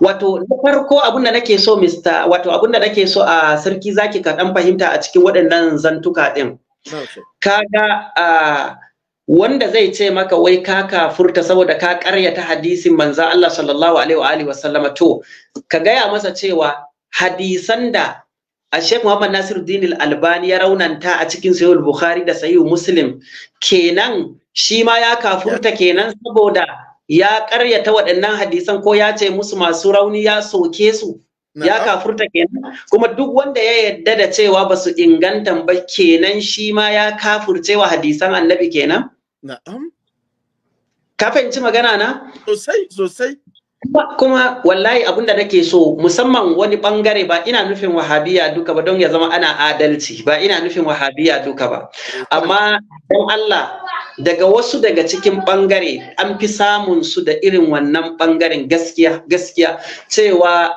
Wato na farko abin da nake so Mr. wato abin da nake so a ah, sarki zaki ka dan fahimta a cikin waɗannan zantuka din. Kaga a ah, wanda zai ce maka wai ka kafurta saboda ka karyata hadisin manzo Allah sallallahu alaihi wa alihi wasallama to ka gaya masa cewa hadisan da a ah, Sheikh Muhammad Nasiruddin Al-Albani ya raunanta a cikin Sahih Bukhari da Sahih Muslim kenan shi ma ya kafurta kenan saboda ya karyata waɗannan hadisan ko ya ce musu masu rauni ya soke su ya kafurta kenan kuma duk wanda ya yadda da cewa ba su inganta ba kenan shi ma ya kafurce wa hadisan annabi kenan ka magana na sosai sosai kuma wallahi abinda nake so musamman wani bangare ba ina nufin wahabiya duka ba don ya zama ana adalci ba ina nufin wahabiya duka ba eh, amma don Allah daga wasu daga cikin ɓangare an fi samun su da irin wannan ɓangaren gaskiya gaskiya cewa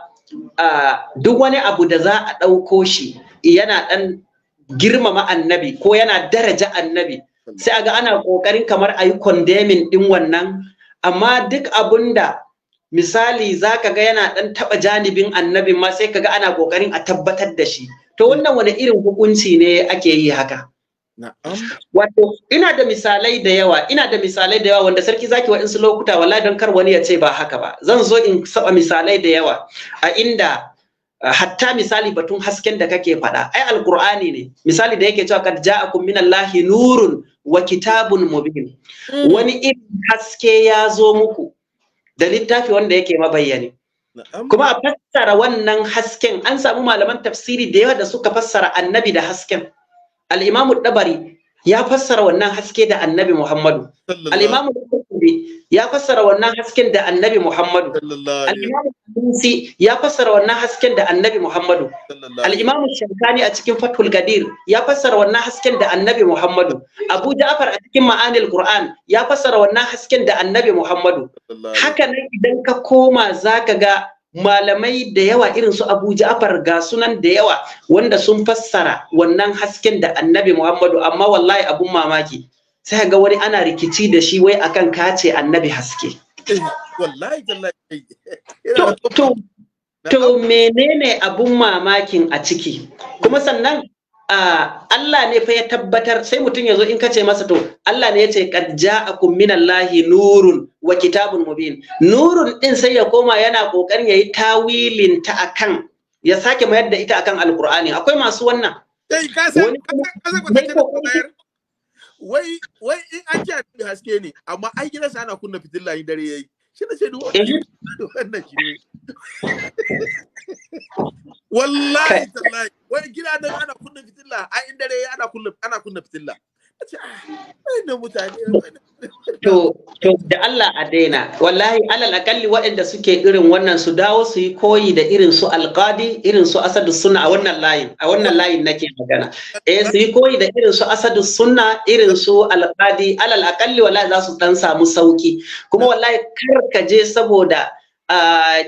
duk wani abu da za a ɗauko shi yana ɗan girmama annabi ko yana daraja annabi sai a ga ana ƙoƙarin kamar a yi condemning ɗin wannan amma duk abun misali za ka ga yana ɗan taɓa janibin annabi ma sai ka ga ana ƙoƙarin a tabbatar da shi to wannan wani irin hukunci ne ake yi haka Wato ina da misalai da yawa, ina da misalai da yawa wanda sarki zaki wa insu lokuta wallahi dan kar wani ya ce ba haka ba. Zan zo in saba misalai da yawa a inda hatta misali batun hasken da kake faɗa ai alqur'ani ne misali da yake cewa kad ja'akum minallahi nurun wa kitabun mubin mm. wani irin haske ya zo muku da littafi wanda yake mabayyane kuma a fassara wannan hasken an samu malaman tafsiri da yawa da suka fassara annabi da hasken al ɗabari ya fassara wannan haske da annabi muhammadu al-imamu ya fassara wannan hasken da annabi muhammadu al-imamu ya fassara wannan hasken da annabi Muhammadu. Al-Imam Shankani a cikin Fathul Gadir ya fassara wannan hasken da annabi Muhammadu. Abu Ja'far a cikin ma'anar Kur'an ya fassara wannan hasken da annabi Muhammadu. Haka nan idan ka koma zaka ga malamai da yawa irin su Abu Ja'far ga sunan da yawa wanda sun fassara wannan hasken da Annabi Muhammadu amma wallahi abun mamaki sai ga wani ana rikici da shi wai akan kace Annabi haske wallahi to to to menene abun mamakin a ciki kuma sannan Allah ne fa ya tabbatar sai mutum ya zo in kace masa to Allah ne ya ce qad ja'akum minallahi nurun wa kitabun mubin nurun din sai ya koma yana kokarin yayi tawilin ta akan ya sake mayar da ita akan alqur'ani akwai masu wannan eh ka san wai wai in an haske ne amma ai gidansa ana kunna fitilla yin dare yayi shi na ce duwa eh. wannan shi wallahi tallahi wai gida ana kunna fitilla a inda dare ana kunna ana kunna fitilla To, to da Allah a daina, wallahi alal akalli waɗanda suke irin wannan su dawo su yi koyi da irin su alƙadi irin su asadu sunna a wannan layin, a wannan layin nake magana. Eh su yi koyi da irin su asadu sunna irin su alƙadi alal akalli wallahi za su dan samu sauki. Kuma wallahi kar ka je saboda ah,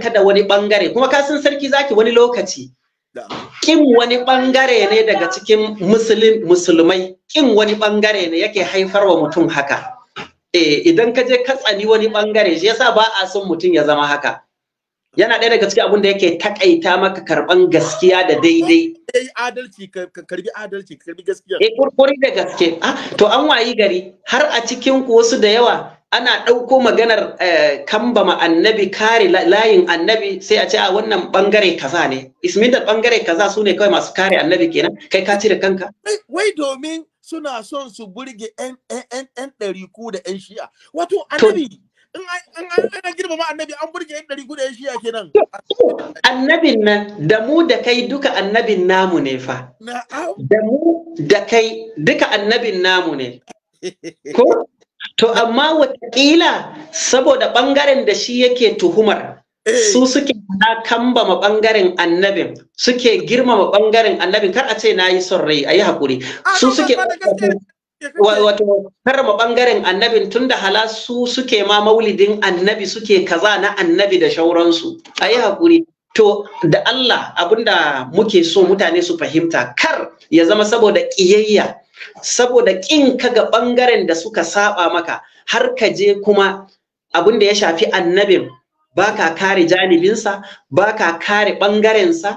ka da wani bangare kuma ka san sarki zaki wani lokaci. Kim wani bangare ne daga cikin musulmai kin wani bangare ne yake haifarwa mutum haka eh idan ka je ka tsani wani bangare shi yasa ba a son mutum ya zama haka yana ɗaya daga cikin abin da yake takaita maka karban gaskiya da daidai adalci ka karbi adalci ka karbi gaskiya eh kurkuri da gaske ah, to an wayi gari har a cikin ku wasu da yawa ana ɗauko maganar eh, kambama annabi kare layin annabi sai a ce a ah, wannan bangare kaza ne ismin da bangare kaza su ne kawai masu kare annabi kenan kai ka cire kanka wai domin suna son su burge ɗan ɗariku da ɗan shi'a. Wato annabi in ana girmama annabi an burge ɗan ɗariku da 'yan shi'a kenan. Annabin nan da mu da kai duka annabin namu ne fa. Da mu da kai duka annabin namu ne. Ko? To amma watakila saboda ɓangaren da shi yake tuhumar su suke na kambama bangaren annabin suke girmama bangaren annabin kar a ce na yi son rai a yi haƙuri su suke wato karma bangaren annabin tun da hala su suke ma maulidin annabi suke kaza na annabi da shauransu a yi haƙuri to da Allah abinda muke so mutane su fahimta kar ya zama saboda ƙiyayya saboda ƙin ka ga bangaren da suka saba maka har ka je kuma abin ya shafi annabin Ba ka kare janibinsa baka kare ɓangarensa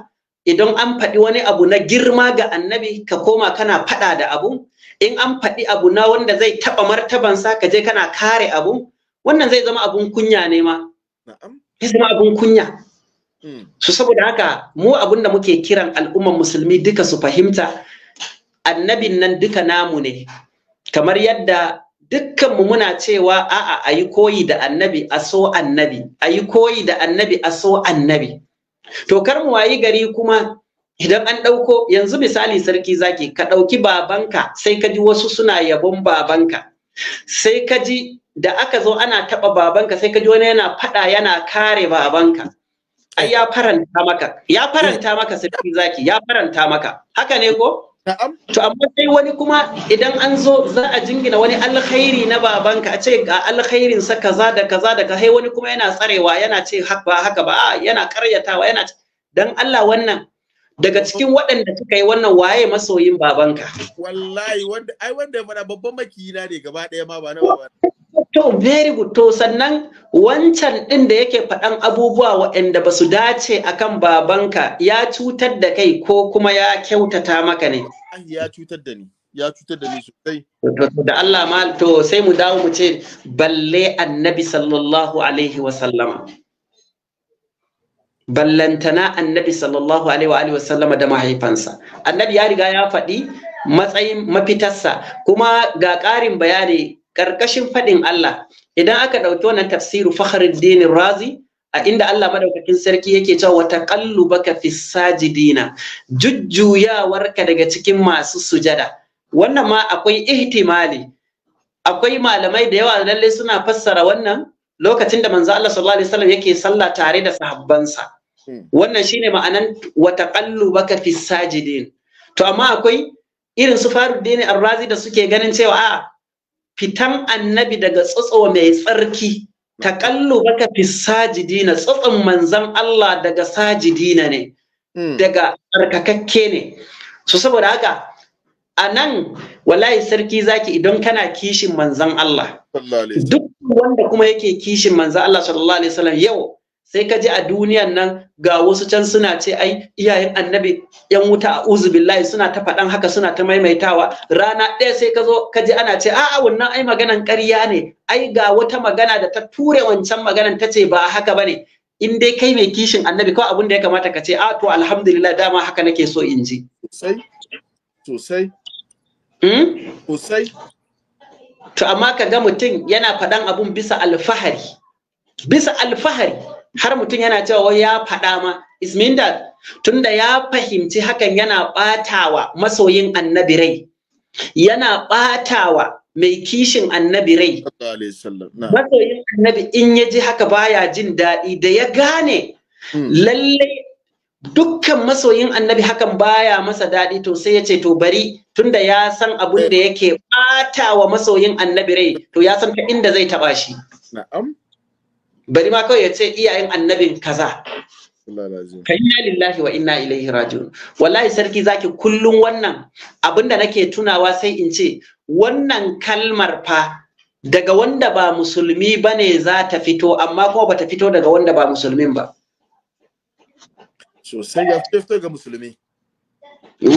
idan an faɗi wani abu na girma ga annabi ka koma kana faɗa da abu in an faɗi abu na wanda zai taɓa martabansa ka je kana kare abu wannan zai zama abun kunya ne ma zai zama abun kunya hmm. su saboda haka mu abun da muke kiran al'umman musulmi duka su fahimta annabin nan duka namu ne kamar yadda dukkanmu muna cewa a'a a yi koyi da annabi a so annabi a yi koyi da annabi a so annabi to kar mu wayi gari kuma idan an ɗauko yanzu misali sarki zaki ka ɗauki babanka sai ka ji wasu suna yabon babanka sai ka ji da aka zo ana taɓa babanka sai ka ji wani yana faɗa yana kare babanka ai ya faranta maka ya faranta maka sarki zaki ya faranta maka haka ne ko To amma sai wani kuma idan an zo za a jingina wani alkhairi na babanka a ce ga alkhairin sa kaza da kaza da kai wani kuma yana tsarewa yana ce ba haka ba yana karyatawa yana dan Allah wannan daga cikin waɗanda suka yi wannan waye masoyin babanka wallahi wanda ai wanda ya babban makiyina ne gaba ɗaya ma ba na to very good to sannan wancan ɗin da yake faɗan abubuwa waɗanda ba su dace a kan babanka ya cutar da kai ko kuma ya kyautata maka ne ya cutar da ni ya cutar da ni sosai da Allah ma to sai mu dawo mu ce balle annabi sallallahu alaihi wa sallama ballantana annabi sallallahu alaihi wa sallama da mahaifansa annabi ya riga ya faɗi matsayin mafitarsa kuma ga ƙarin bayani ƙarƙashin faɗin Allah idan aka ɗauki wannan tafsiru Fakhruddin Razi a inda Allah madaukakin sarki yake cewa wa taqallubaka fis sajidina jujjuyawarka daga cikin masu sujada wannan ma akwai ihtimali akwai malamai da yawa lalle suna fassara wannan lokacin da manzo Allah sallallahu alaihi wasallam yake sallah tare da sahabbansa hmm. wannan shine ma'anan wa taqallubaka fis sajidin to amma akwai irin su Faruddin Ar-Razi da suke ganin cewa a fitan annabi daga tsotso mai tsarki baka fi sajidina tsotson manzan Allah daga sajidina ne hmm. daga tsarkakakke ne so saboda haka a nan wallahi sarki zaki idan kana kishin manzan Allah duk wanda kuma yake kishin manzan Allah sallallahu alaihi wasallam yau sai ka ji a duniyan nan ga wasu can suna ce ai iyayen annabi yan wuta a uzu billahi suna ta faɗan haka suna ta maimaitawa rana ɗaya sai ka zo ka ji ana ce a'a wannan ai maganan ƙarya ne ai ga wata magana da ta ture wancan maganan ta ce ba haka bane in dai kai mai kishin annabi kawai abin da ya kamata ka ce a to alhamdulillah dama haka nake so in ji sosai sosai hmm? sosai to amma ka ga mutum yana faɗan abun bisa alfahari bisa alfahari har mutum yana cewa wai ya faɗa ma is mean that tunda ya fahimci hakan yana ɓatawa masoyin annabi rai yana ɓatawa mai kishin annabi rai masoyin annabi in ya ji haka baya jin daɗi da ya gane hmm. lallai dukkan masoyin annabi hakan baya masa daɗi to sai ya ce to bari tunda ya san abun da yake ɓata masoyin annabi rai to ya san ta inda zai taɓa shi na'am bari ma kawai ya ce iyayen annabin kaza ka inna lillahi wa inna ilaihi raji'un wallahi sarki zaki kullun wannan abinda nake tunawa sai in ce wannan kalmar fa daga wanda ba musulmi bane za ta fito amma kuma bata fito daga wanda ba musulmin ba sosai ya fito daga musulmi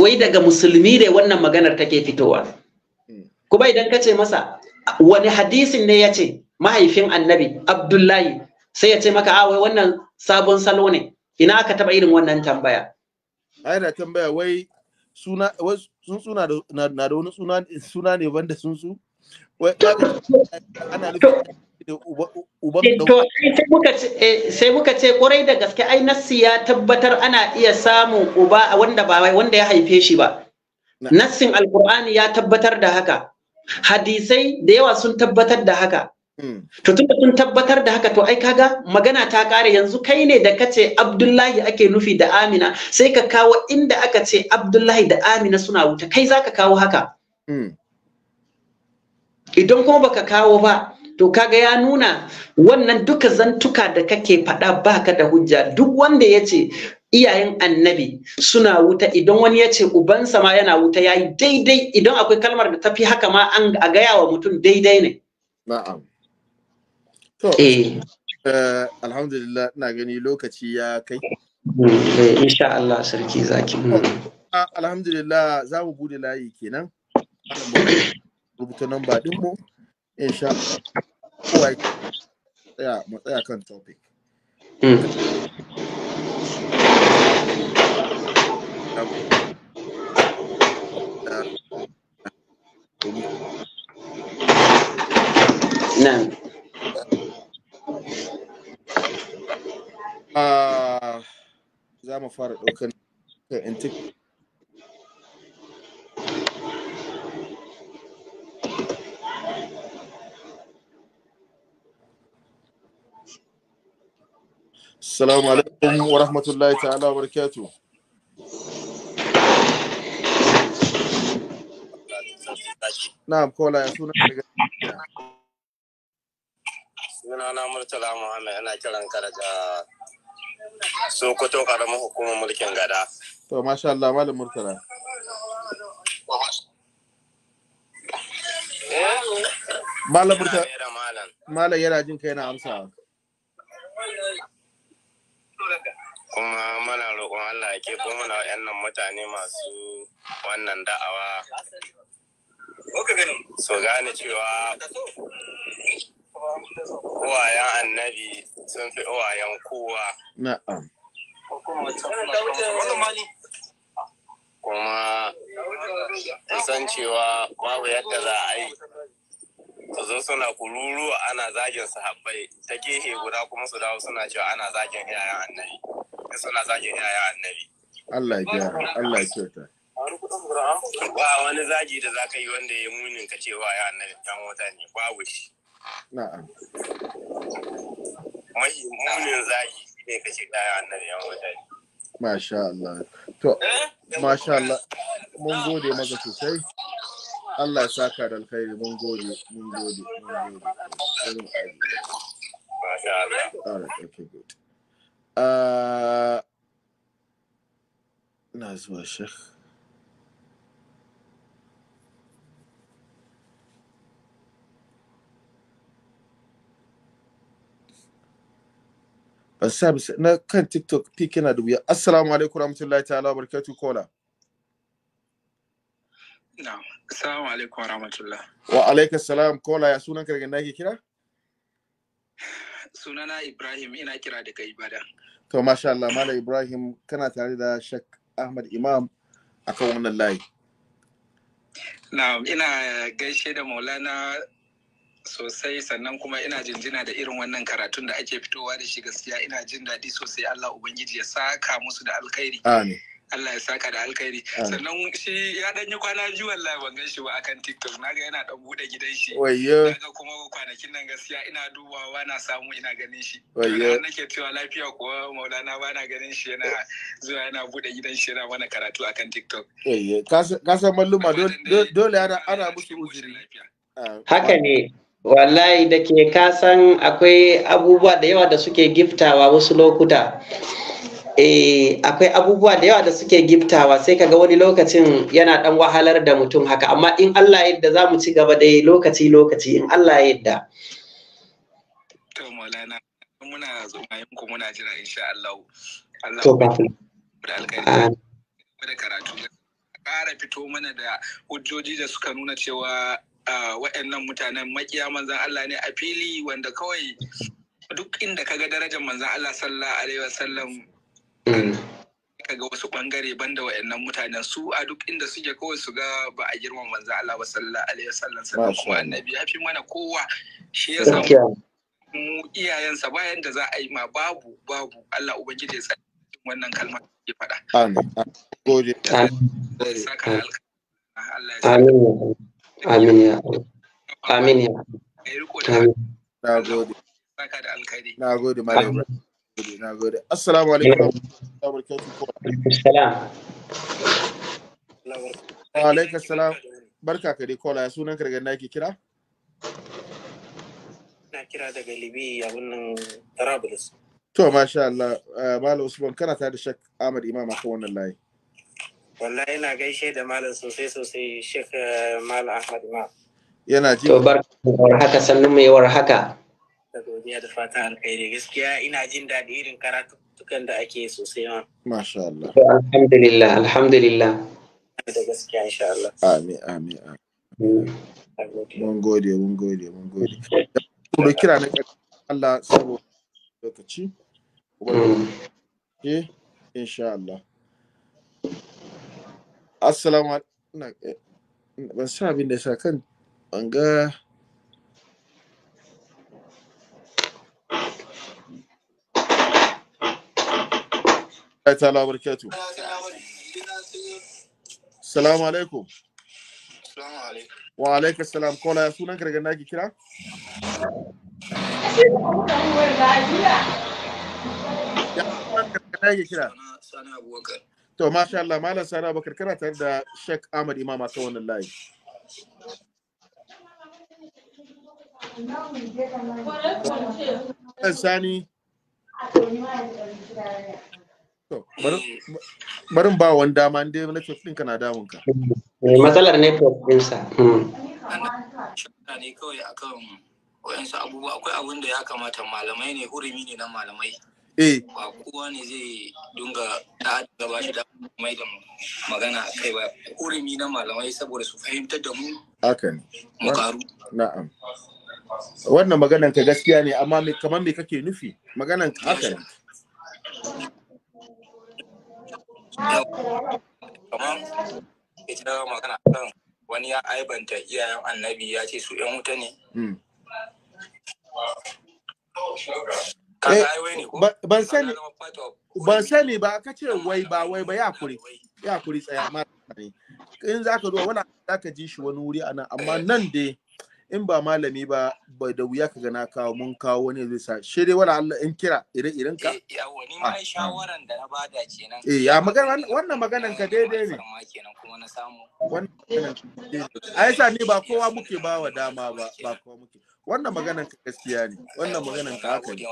wai daga musulmi ne wannan maganar take fitowa hmm. kuma idan ka ce masa wani hadisin ne ya ce mahaifin annabi abdullahi sai ya ce maka a ah, wai wannan sabon salo ne ina aka taba irin wannan tambaya ai da tambaya wai suna wai tsuntsu na da wani suna suna ne banda su wai ana sai muka ce ƙwarai da gaske ai nassi ya tabbatar ana iya samun uba wanda ba wanda ya haife shi ba nassin Alƙur'ani ya tabbatar da haka hadisai da yawa sun tabbatar da haka Hmm. to da kun tabbatar da haka to ai kaga magana ta kare yanzu kai ne da kace Abdullahi ake nufi da Amina sai ka kawo inda aka ce Abdullahi da Amina suna wuta kai zaka kawo haka hmm. idan kuma baka kawo ba to kaga ya nuna wannan duka zantuka da kake faɗa baka da hujja duk wanda yace iyayen annabi suna wuta idan wani yace ce ubansa ma yana wuta ya yi daidai idan akwai kalmar da ta fi haka ma an a gaya wa mutum daidai ne na'am To, eh. Eh, alhamdulillah na gani lokaci ya kai. Mm, eh, insha Allah sarki zaki. Mm. Alhamdulillah za mu bude layi kenan. Rubuta namba din mu. Insha Allah. mu tsaya kan topic. Mm. Na'am. Uh, za mu fara intik Assalamu alaikum wa rahmatullahi ta'ala wa barakatuh. Na'am kola ya suna daga Suna na Murtala Muhammad ana kiran ka daga Sokoto karamin hukumar mulkin gada. To masha Allah malam Murtala. Malam Murtala. Malam yana jin kai na amsa. kuma mana roƙon Allah ke kuma mana wa'annan mutane masu wannan da'awa so gane cewa uwayen annabi sun fi uwayen kowa na'am kuma san cewa babu yadda za a yi su zo suna kururu ana zagin su sahabbai ta gehe guda kuma su dawo suna cewa ana zagin yayan annabi suna zagin yayan annabi Allah ya gyara Allah ya kyauta ba wani zagi da za ka yi wanda ya munin ka cewa ya annabi dan wata ne babu shi na'am mai munin zagi ne daya annabi masha Allah to eh? masha Allah mun gode maka sosai Allah saka da alkhairi mun gode mun gode mun gode masha Allah all okay good uh na zuwa shekh service na kan tiktok pik yana da wuya assalamu alaikum rahmatullahi ta'ala wa barakatuh kola assalamu alaikum wa rahmatullah wa alaika salam kola ya sunan kargan da ke kira sunana ibrahim ina kira daga ibadan to masha Allah malam ibrahim kana tare da shek ahmad imam akan wannan layi na'am ina gaishe da maulana sosai sannan kuma ina jinjina da irin wannan karatun da ake fitowa da shi gaskiya ina jin daɗi sosai Allah ubangiji ya saka musu da alkhairi amin Allah ya saka da alkhairi sannan shi ya dan yi kwana biyu wallahi ban gan shi ba akan TikTok na ga yana dan bude gidan shi wayyo Daga kuma kwanakin nan gaskiya ina dubawa na samu ina ganin shi wayyo ke cewa lafiya kuwa Maulana ba na ganin shi yana zuwa yana bude gidan shi yana mana karatu akan TikTok wayyo ka san malluma dole ana ana musu uzuri ah. haka ne wallahi da ke kasan akwai abubuwa da yawa da suke giftawa wasu lokuta e, akwai abubuwa da yawa da suke giftawa sai kaga wani lokacin yana dan wahalar da mutum haka amma in Allah yadda za mu ci gaba dai lokaci lokaci in Allah yadda to maulana muna zumayen ku muna jira insha Allah Allah to da alkhairi da karatu ƙara fito mana da hujjoji da suka nuna cewa Wa'annan mutanen makiya manzan Allah ne a fili wanda kawai duk inda kaga darajar manzan Allah sallallahu alaihi wasallam mm. kaga wasu bangare banda wa'annan mutanen su a duk inda suke kawai su ga ba a girman manzan Allah ba sallallahu alaihi wasallam sannan kuma annabi ya fi mana kowa shi ya samu mu iyayensa bayan da za a yi ma babu babu Allah ubangiji ya tsaya wannan kalma ke faɗa. Amin. Gode. Amin. Amin ya Amin Na gode. Na gode Malam Na gode. Assalamu alaikum. alaikum Barka ka dai kola sunan ka daga na ke kira? Na kira daga wannan Tarabulus. To masha Allah eh, Malam Usman kana ta da Shak Ahmad Imam akan wannan layi. wallahi ina gaishe da malam sosai sosai Sheikh eh, Malam Ahmad ma yana ji to barka haka sannu mai war haka da godiya da fata alkhairi gaskiya ina jin daɗi irin karatukan da ake sosai ma masha Allah alhamdulillah alhamdulillah da gaskiya insha Allah amin amin amin mun gode mun gode mun gode kuma kira na Allah saboda lokaci mm. eh, insha Allah assalamu eh, ban sa abin da sa kan ban alaikum. Wa salam. Kola ya sunan kira? Ya sunan naki kira? To, masha Allah, Malam Sani Abubakar kana tare da Sheikh Ahmad Imam a kan wannan layi. Malam Sani. To, barin ba wani dama inda na ce ɗin na damun ka. Eh, matsalar ne ɗinsa. Hmm. ne kawai akan wa'yansu abubuwa akwai abin da ya kamata malamai ne hurumi ne na malamai. Eh. ba kowa ne zai dunga ta gaba shi da mai da magana a kai ba hurumi na malamai saboda su fahimtar da mu haka ne na'am wannan maganan ka gaskiya ne amma me kamar me kake nufi maganan ka haka ne kamar ita magana kan wani ya aibanta iyayen annabi ya ce su ƴan wuta ne hmm. Eh, ban sani ban sani ba ka ce wai ba wai ba ya kuri ya kuri tsaya ma in ka zo wani zaka ji shi wani wuri anan amma nan dai in ba malami ba ba da wuya ka gana kawo mun kawo wani zai sa shi dai wala Allah in kira ire-iren ka eh, ya wani ma ah, shawaran da na bada kenan eh ya magana wannan maganan ka daidai ne kenan kuma na samu ai sa ni ba kowa muke ba wa dama ba ba kowa muke wannan maganan ka gaskiya ne wannan maganan ka haka ne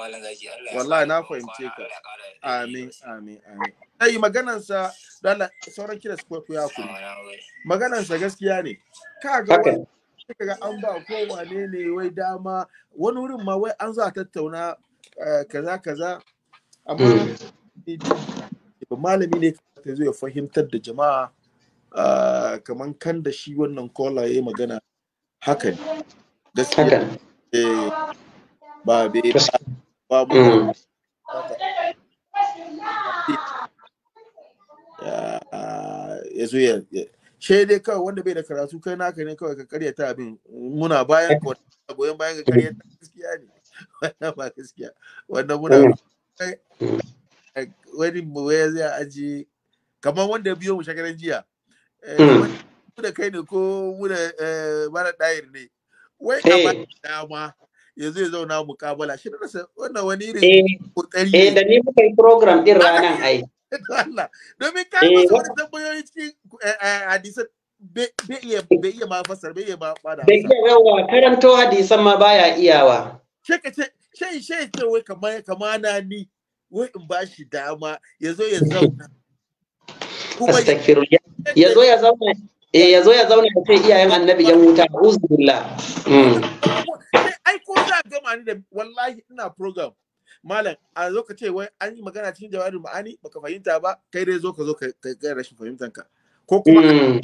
wallahi na fahimce ka amin amin amin sai maganan sa dala sauran kira su ku ya kuri maganan sa gaskiya ne ka ga ga an ba kowane ne wai dama wani wurin ma wai an za tattauna eh, kaza kaza amma mm. malami ne ta zo ya fahimtar da jama'a ah, kaman kan da shi wannan kola ya magana haka ne gaskiya ba be ba babu mm. ya zo ya shi dai kawai wanda bai da karatu kai naka ne kawai ka karyata abin muna bayan ka goyon bayan ka karyata mm. gaskiya ne wannan ba gaskiya wannan muna mm. wani waya zai aji kamar wanda biyo mu shagaran jiya eh, mu da kai ne ko mu da eh, mara ɗayar ne wai eh. a dama yanzu ya zai mu kabala shi rasa wannan wani irin kokari eh, eh da ni muka yi program din ranan ai (laughs) Allah domin kai eh, masa wani tambayoyi cikin hadisan bai iya bai iya ma fasar bai iya ma bada bai iya yawa karanto hadisan ma baya iyawa ka ce shei shei ce wai kamar na ni wai in ba shi dama ya zo ya zauna kuma ya zo ya zauna eh ya zo ya zauna da iyayen annabi yan wuta uzbillah Mm. ai ko za gama ni da wallahi ina program malam a zo ka ce wai an yi magana cikin jawabi ma'ani baka fahimta ba kai dai zo ka zo ka ga rashin fahimtar ka ko kuma mm.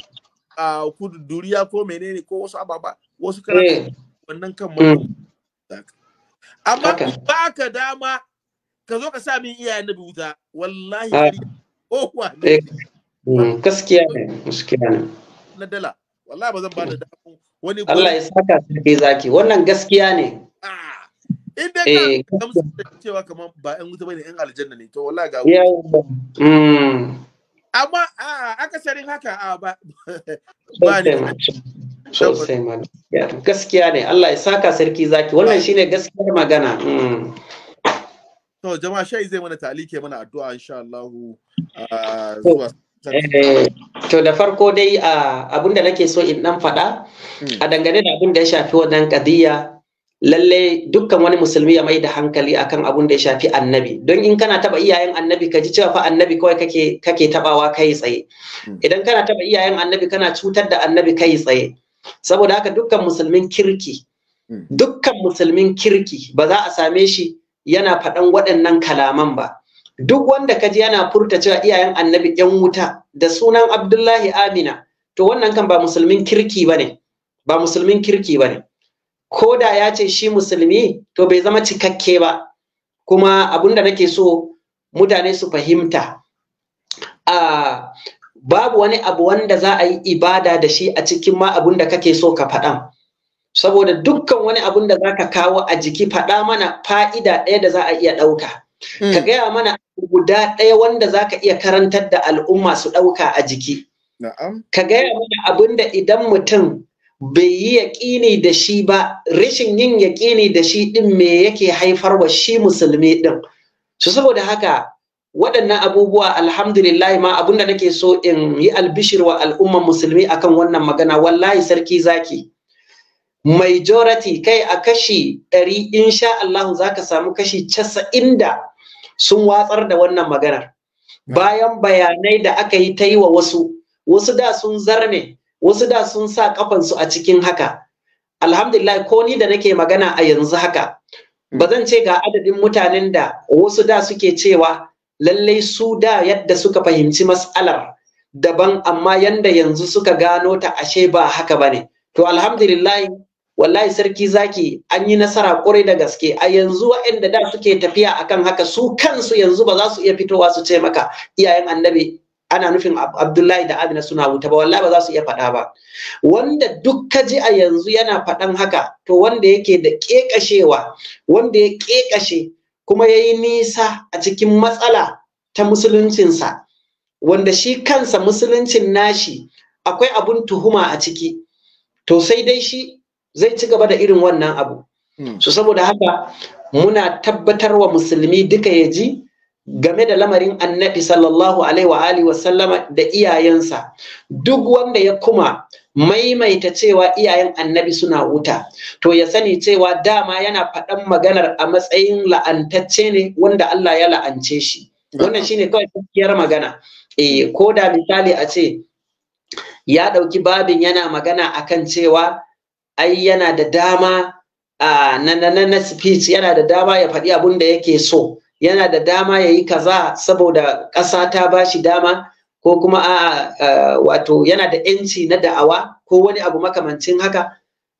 a kudu duriya ko menene ko wasu ababa wasu eh. karatu wannan kan mm. amma ba ka dama ka zo ka sa min iyayen na wuta wallahi ah. ko kuwa eh. gaskiya ne gaskiya ne na dala wallahi ba zan ba da dama wani Allah ya saka sarki zaki wannan gaskiya ne ah, in dai ka eh, gamsu cewa kamar ba yan wuta bane yan aljanna ne to wallahi ga mm. amma a akasarin haka a ba (laughs) ba ne sosai ma gaskiya ne Allah ya saka sarki zaki wannan shine gaskiyar magana mm. to jama'a shai zai mana talike mana addu'a insha Allah zuwa Eh, to da farko dai abin da nake so in dan faɗa hmm. a dangane da abin da ya shafi wannan kadiyya lalle dukkan wani musulmi ya mai da hankali akan abin da ya shafi annabi don in kana taba iyayen annabi ka ji cewa fa annabi kawai kake kake tabawa kai tsaye hmm. idan kana taba iyayen annabi kana cutar da annabi kai tsaye saboda haka dukkan musulmin kirki hmm. dukkan musulmin kirki ba za a same shi yana faɗan waɗannan kalaman ba duk wanda ka ji yana furta cewa iyayen annabi yan wuta da sunan abdullahi amina to wannan kan ba musulmin kirki ba ne ba musulmin kirki ba ne ko da ya ce shi musulmi to bai zama cikakke ba kuma abinda nake so mutane su fahimta a babu wani abu wanda za a yi ibada da shi a cikin ma abinda kake so ka faɗa saboda dukkan wani abun da za ka kawo a jiki faɗa mana fa'ida ɗaya da za a iya ɗauka ka mm. gaya mana guda ɗaya wanda za ka iya karantar da al'umma su ɗauka a jiki ka gaya mana abin da idan mutum bai yi yaƙini da shi ba rashin yin yaƙini da shi ɗin me yake haifar wa shi musulmi ɗin su saboda haka waɗannan abubuwa alhamdulillah ma abinda nake so in yi albishir wa al'umman musulmi akan wannan magana wallahi sarki zaki majority kai a kashi ɗari insha Allah za ka samu kashi casa'in da sun watsar da wannan maganar bayan bayanai da aka yi ta yi wa wasu wasu da sun zarme wasu da sun sa kafansu a cikin haka alhamdulillah ko ni da nake magana a yanzu haka ba zan ce ga adadin mutanen da wasu da suke cewa lallai su da yadda suka fahimci mas'alar daban amma yanda yanzu suka gano ta ashe ba haka bane to alhamdulillah wallahi sarki zaki an yi nasara kwarai da gaske a yanzu waɗanda da suke tafiya akan haka su kansu yanzu ba za su iya fitowa su ce maka iyayen annabi ana nufin abdullahi da amina suna wuta ba wallahi ba za su iya faɗa ba wanda duk ka ji a yanzu yana faɗan haka to wanda yake da ƙeƙashewa wanda ya ƙeƙashe kuma ya yi nisa a cikin matsala ta musuluncinsa wanda shi kansa musuluncin nashi akwai abun tuhuma a ciki to sai dai shi zai ci gaba da irin wannan abu hmm. so saboda haka muna tabbatar wa musulmi duka ya ji game da lamarin annabi sallallahu alaihi wa alihi wasallama da iyayensa duk wanda ya kuma maimaita cewa iyayen annabi suna wuta to ya sani cewa dama yana faɗan maganar a matsayin la'antacce ne wanda Allah ya la'ance shi wannan shine kawai gaskiyar magana eh ko da misali a ce ya ɗauki babin yana magana akan cewa ai yana da dama a na, na, na, speech yana da dama ya faɗi abun da yake so yana da dama ya yi kaza saboda ƙasa ta ba shi dama ko kuma a wato yana da ‘yanci na da'awa ko wani abu makamancin haka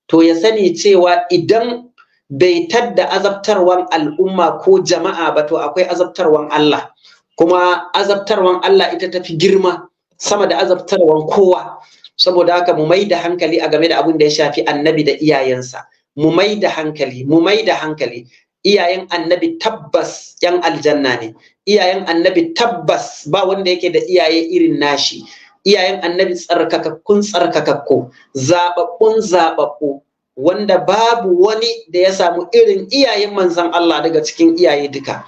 to ya sani cewa idan bai tadda azabtarwan al'umma ko jama'a ba to akwai azabtarwan Allah kuma azabtarwan Allah ita tafi girma sama da azabtarwan kowa saboda haka mu mai da hankali a game da abin da ya shafi annabi da iyayensa mu mai da hankali mu mai da hankali iyayen annabi tabbas yan aljanna ne iyayen annabi tabbas ba wanda yake da iyaye irin nashi iyayen annabi tsarkakakkun tsarkakakku zababbun zababbu wanda babu wani da ya samu irin iyayen manzan Allah daga cikin iyaye duka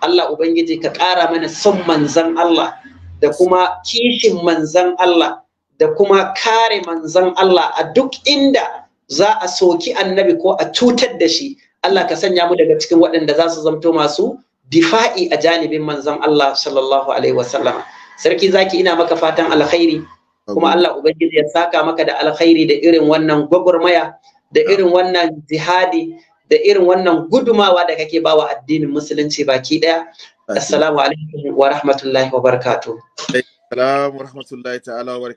Allah ubangiji ka ƙara mana son manzan Allah da kuma kishin manzan Allah da kuma kare manzan Allah a duk inda za a soki annabi ko a cutar da shi Allah ka sanya mu daga cikin waɗanda za su zamto masu difa'i a janibin manzan Allah sallallahu alaihi wasallam sarki zaki ina maka fatan alkhairi kuma Allah ubangiji ya saka maka da alkhairi da irin wannan gwagwarmaya da irin wannan jihadi da irin wannan gudumawa da kake bawa addinin musulunci baki daya assalamu alaikum wa rahmatullahi wa barakatuh assalamu rahmatullahi ta'ala wa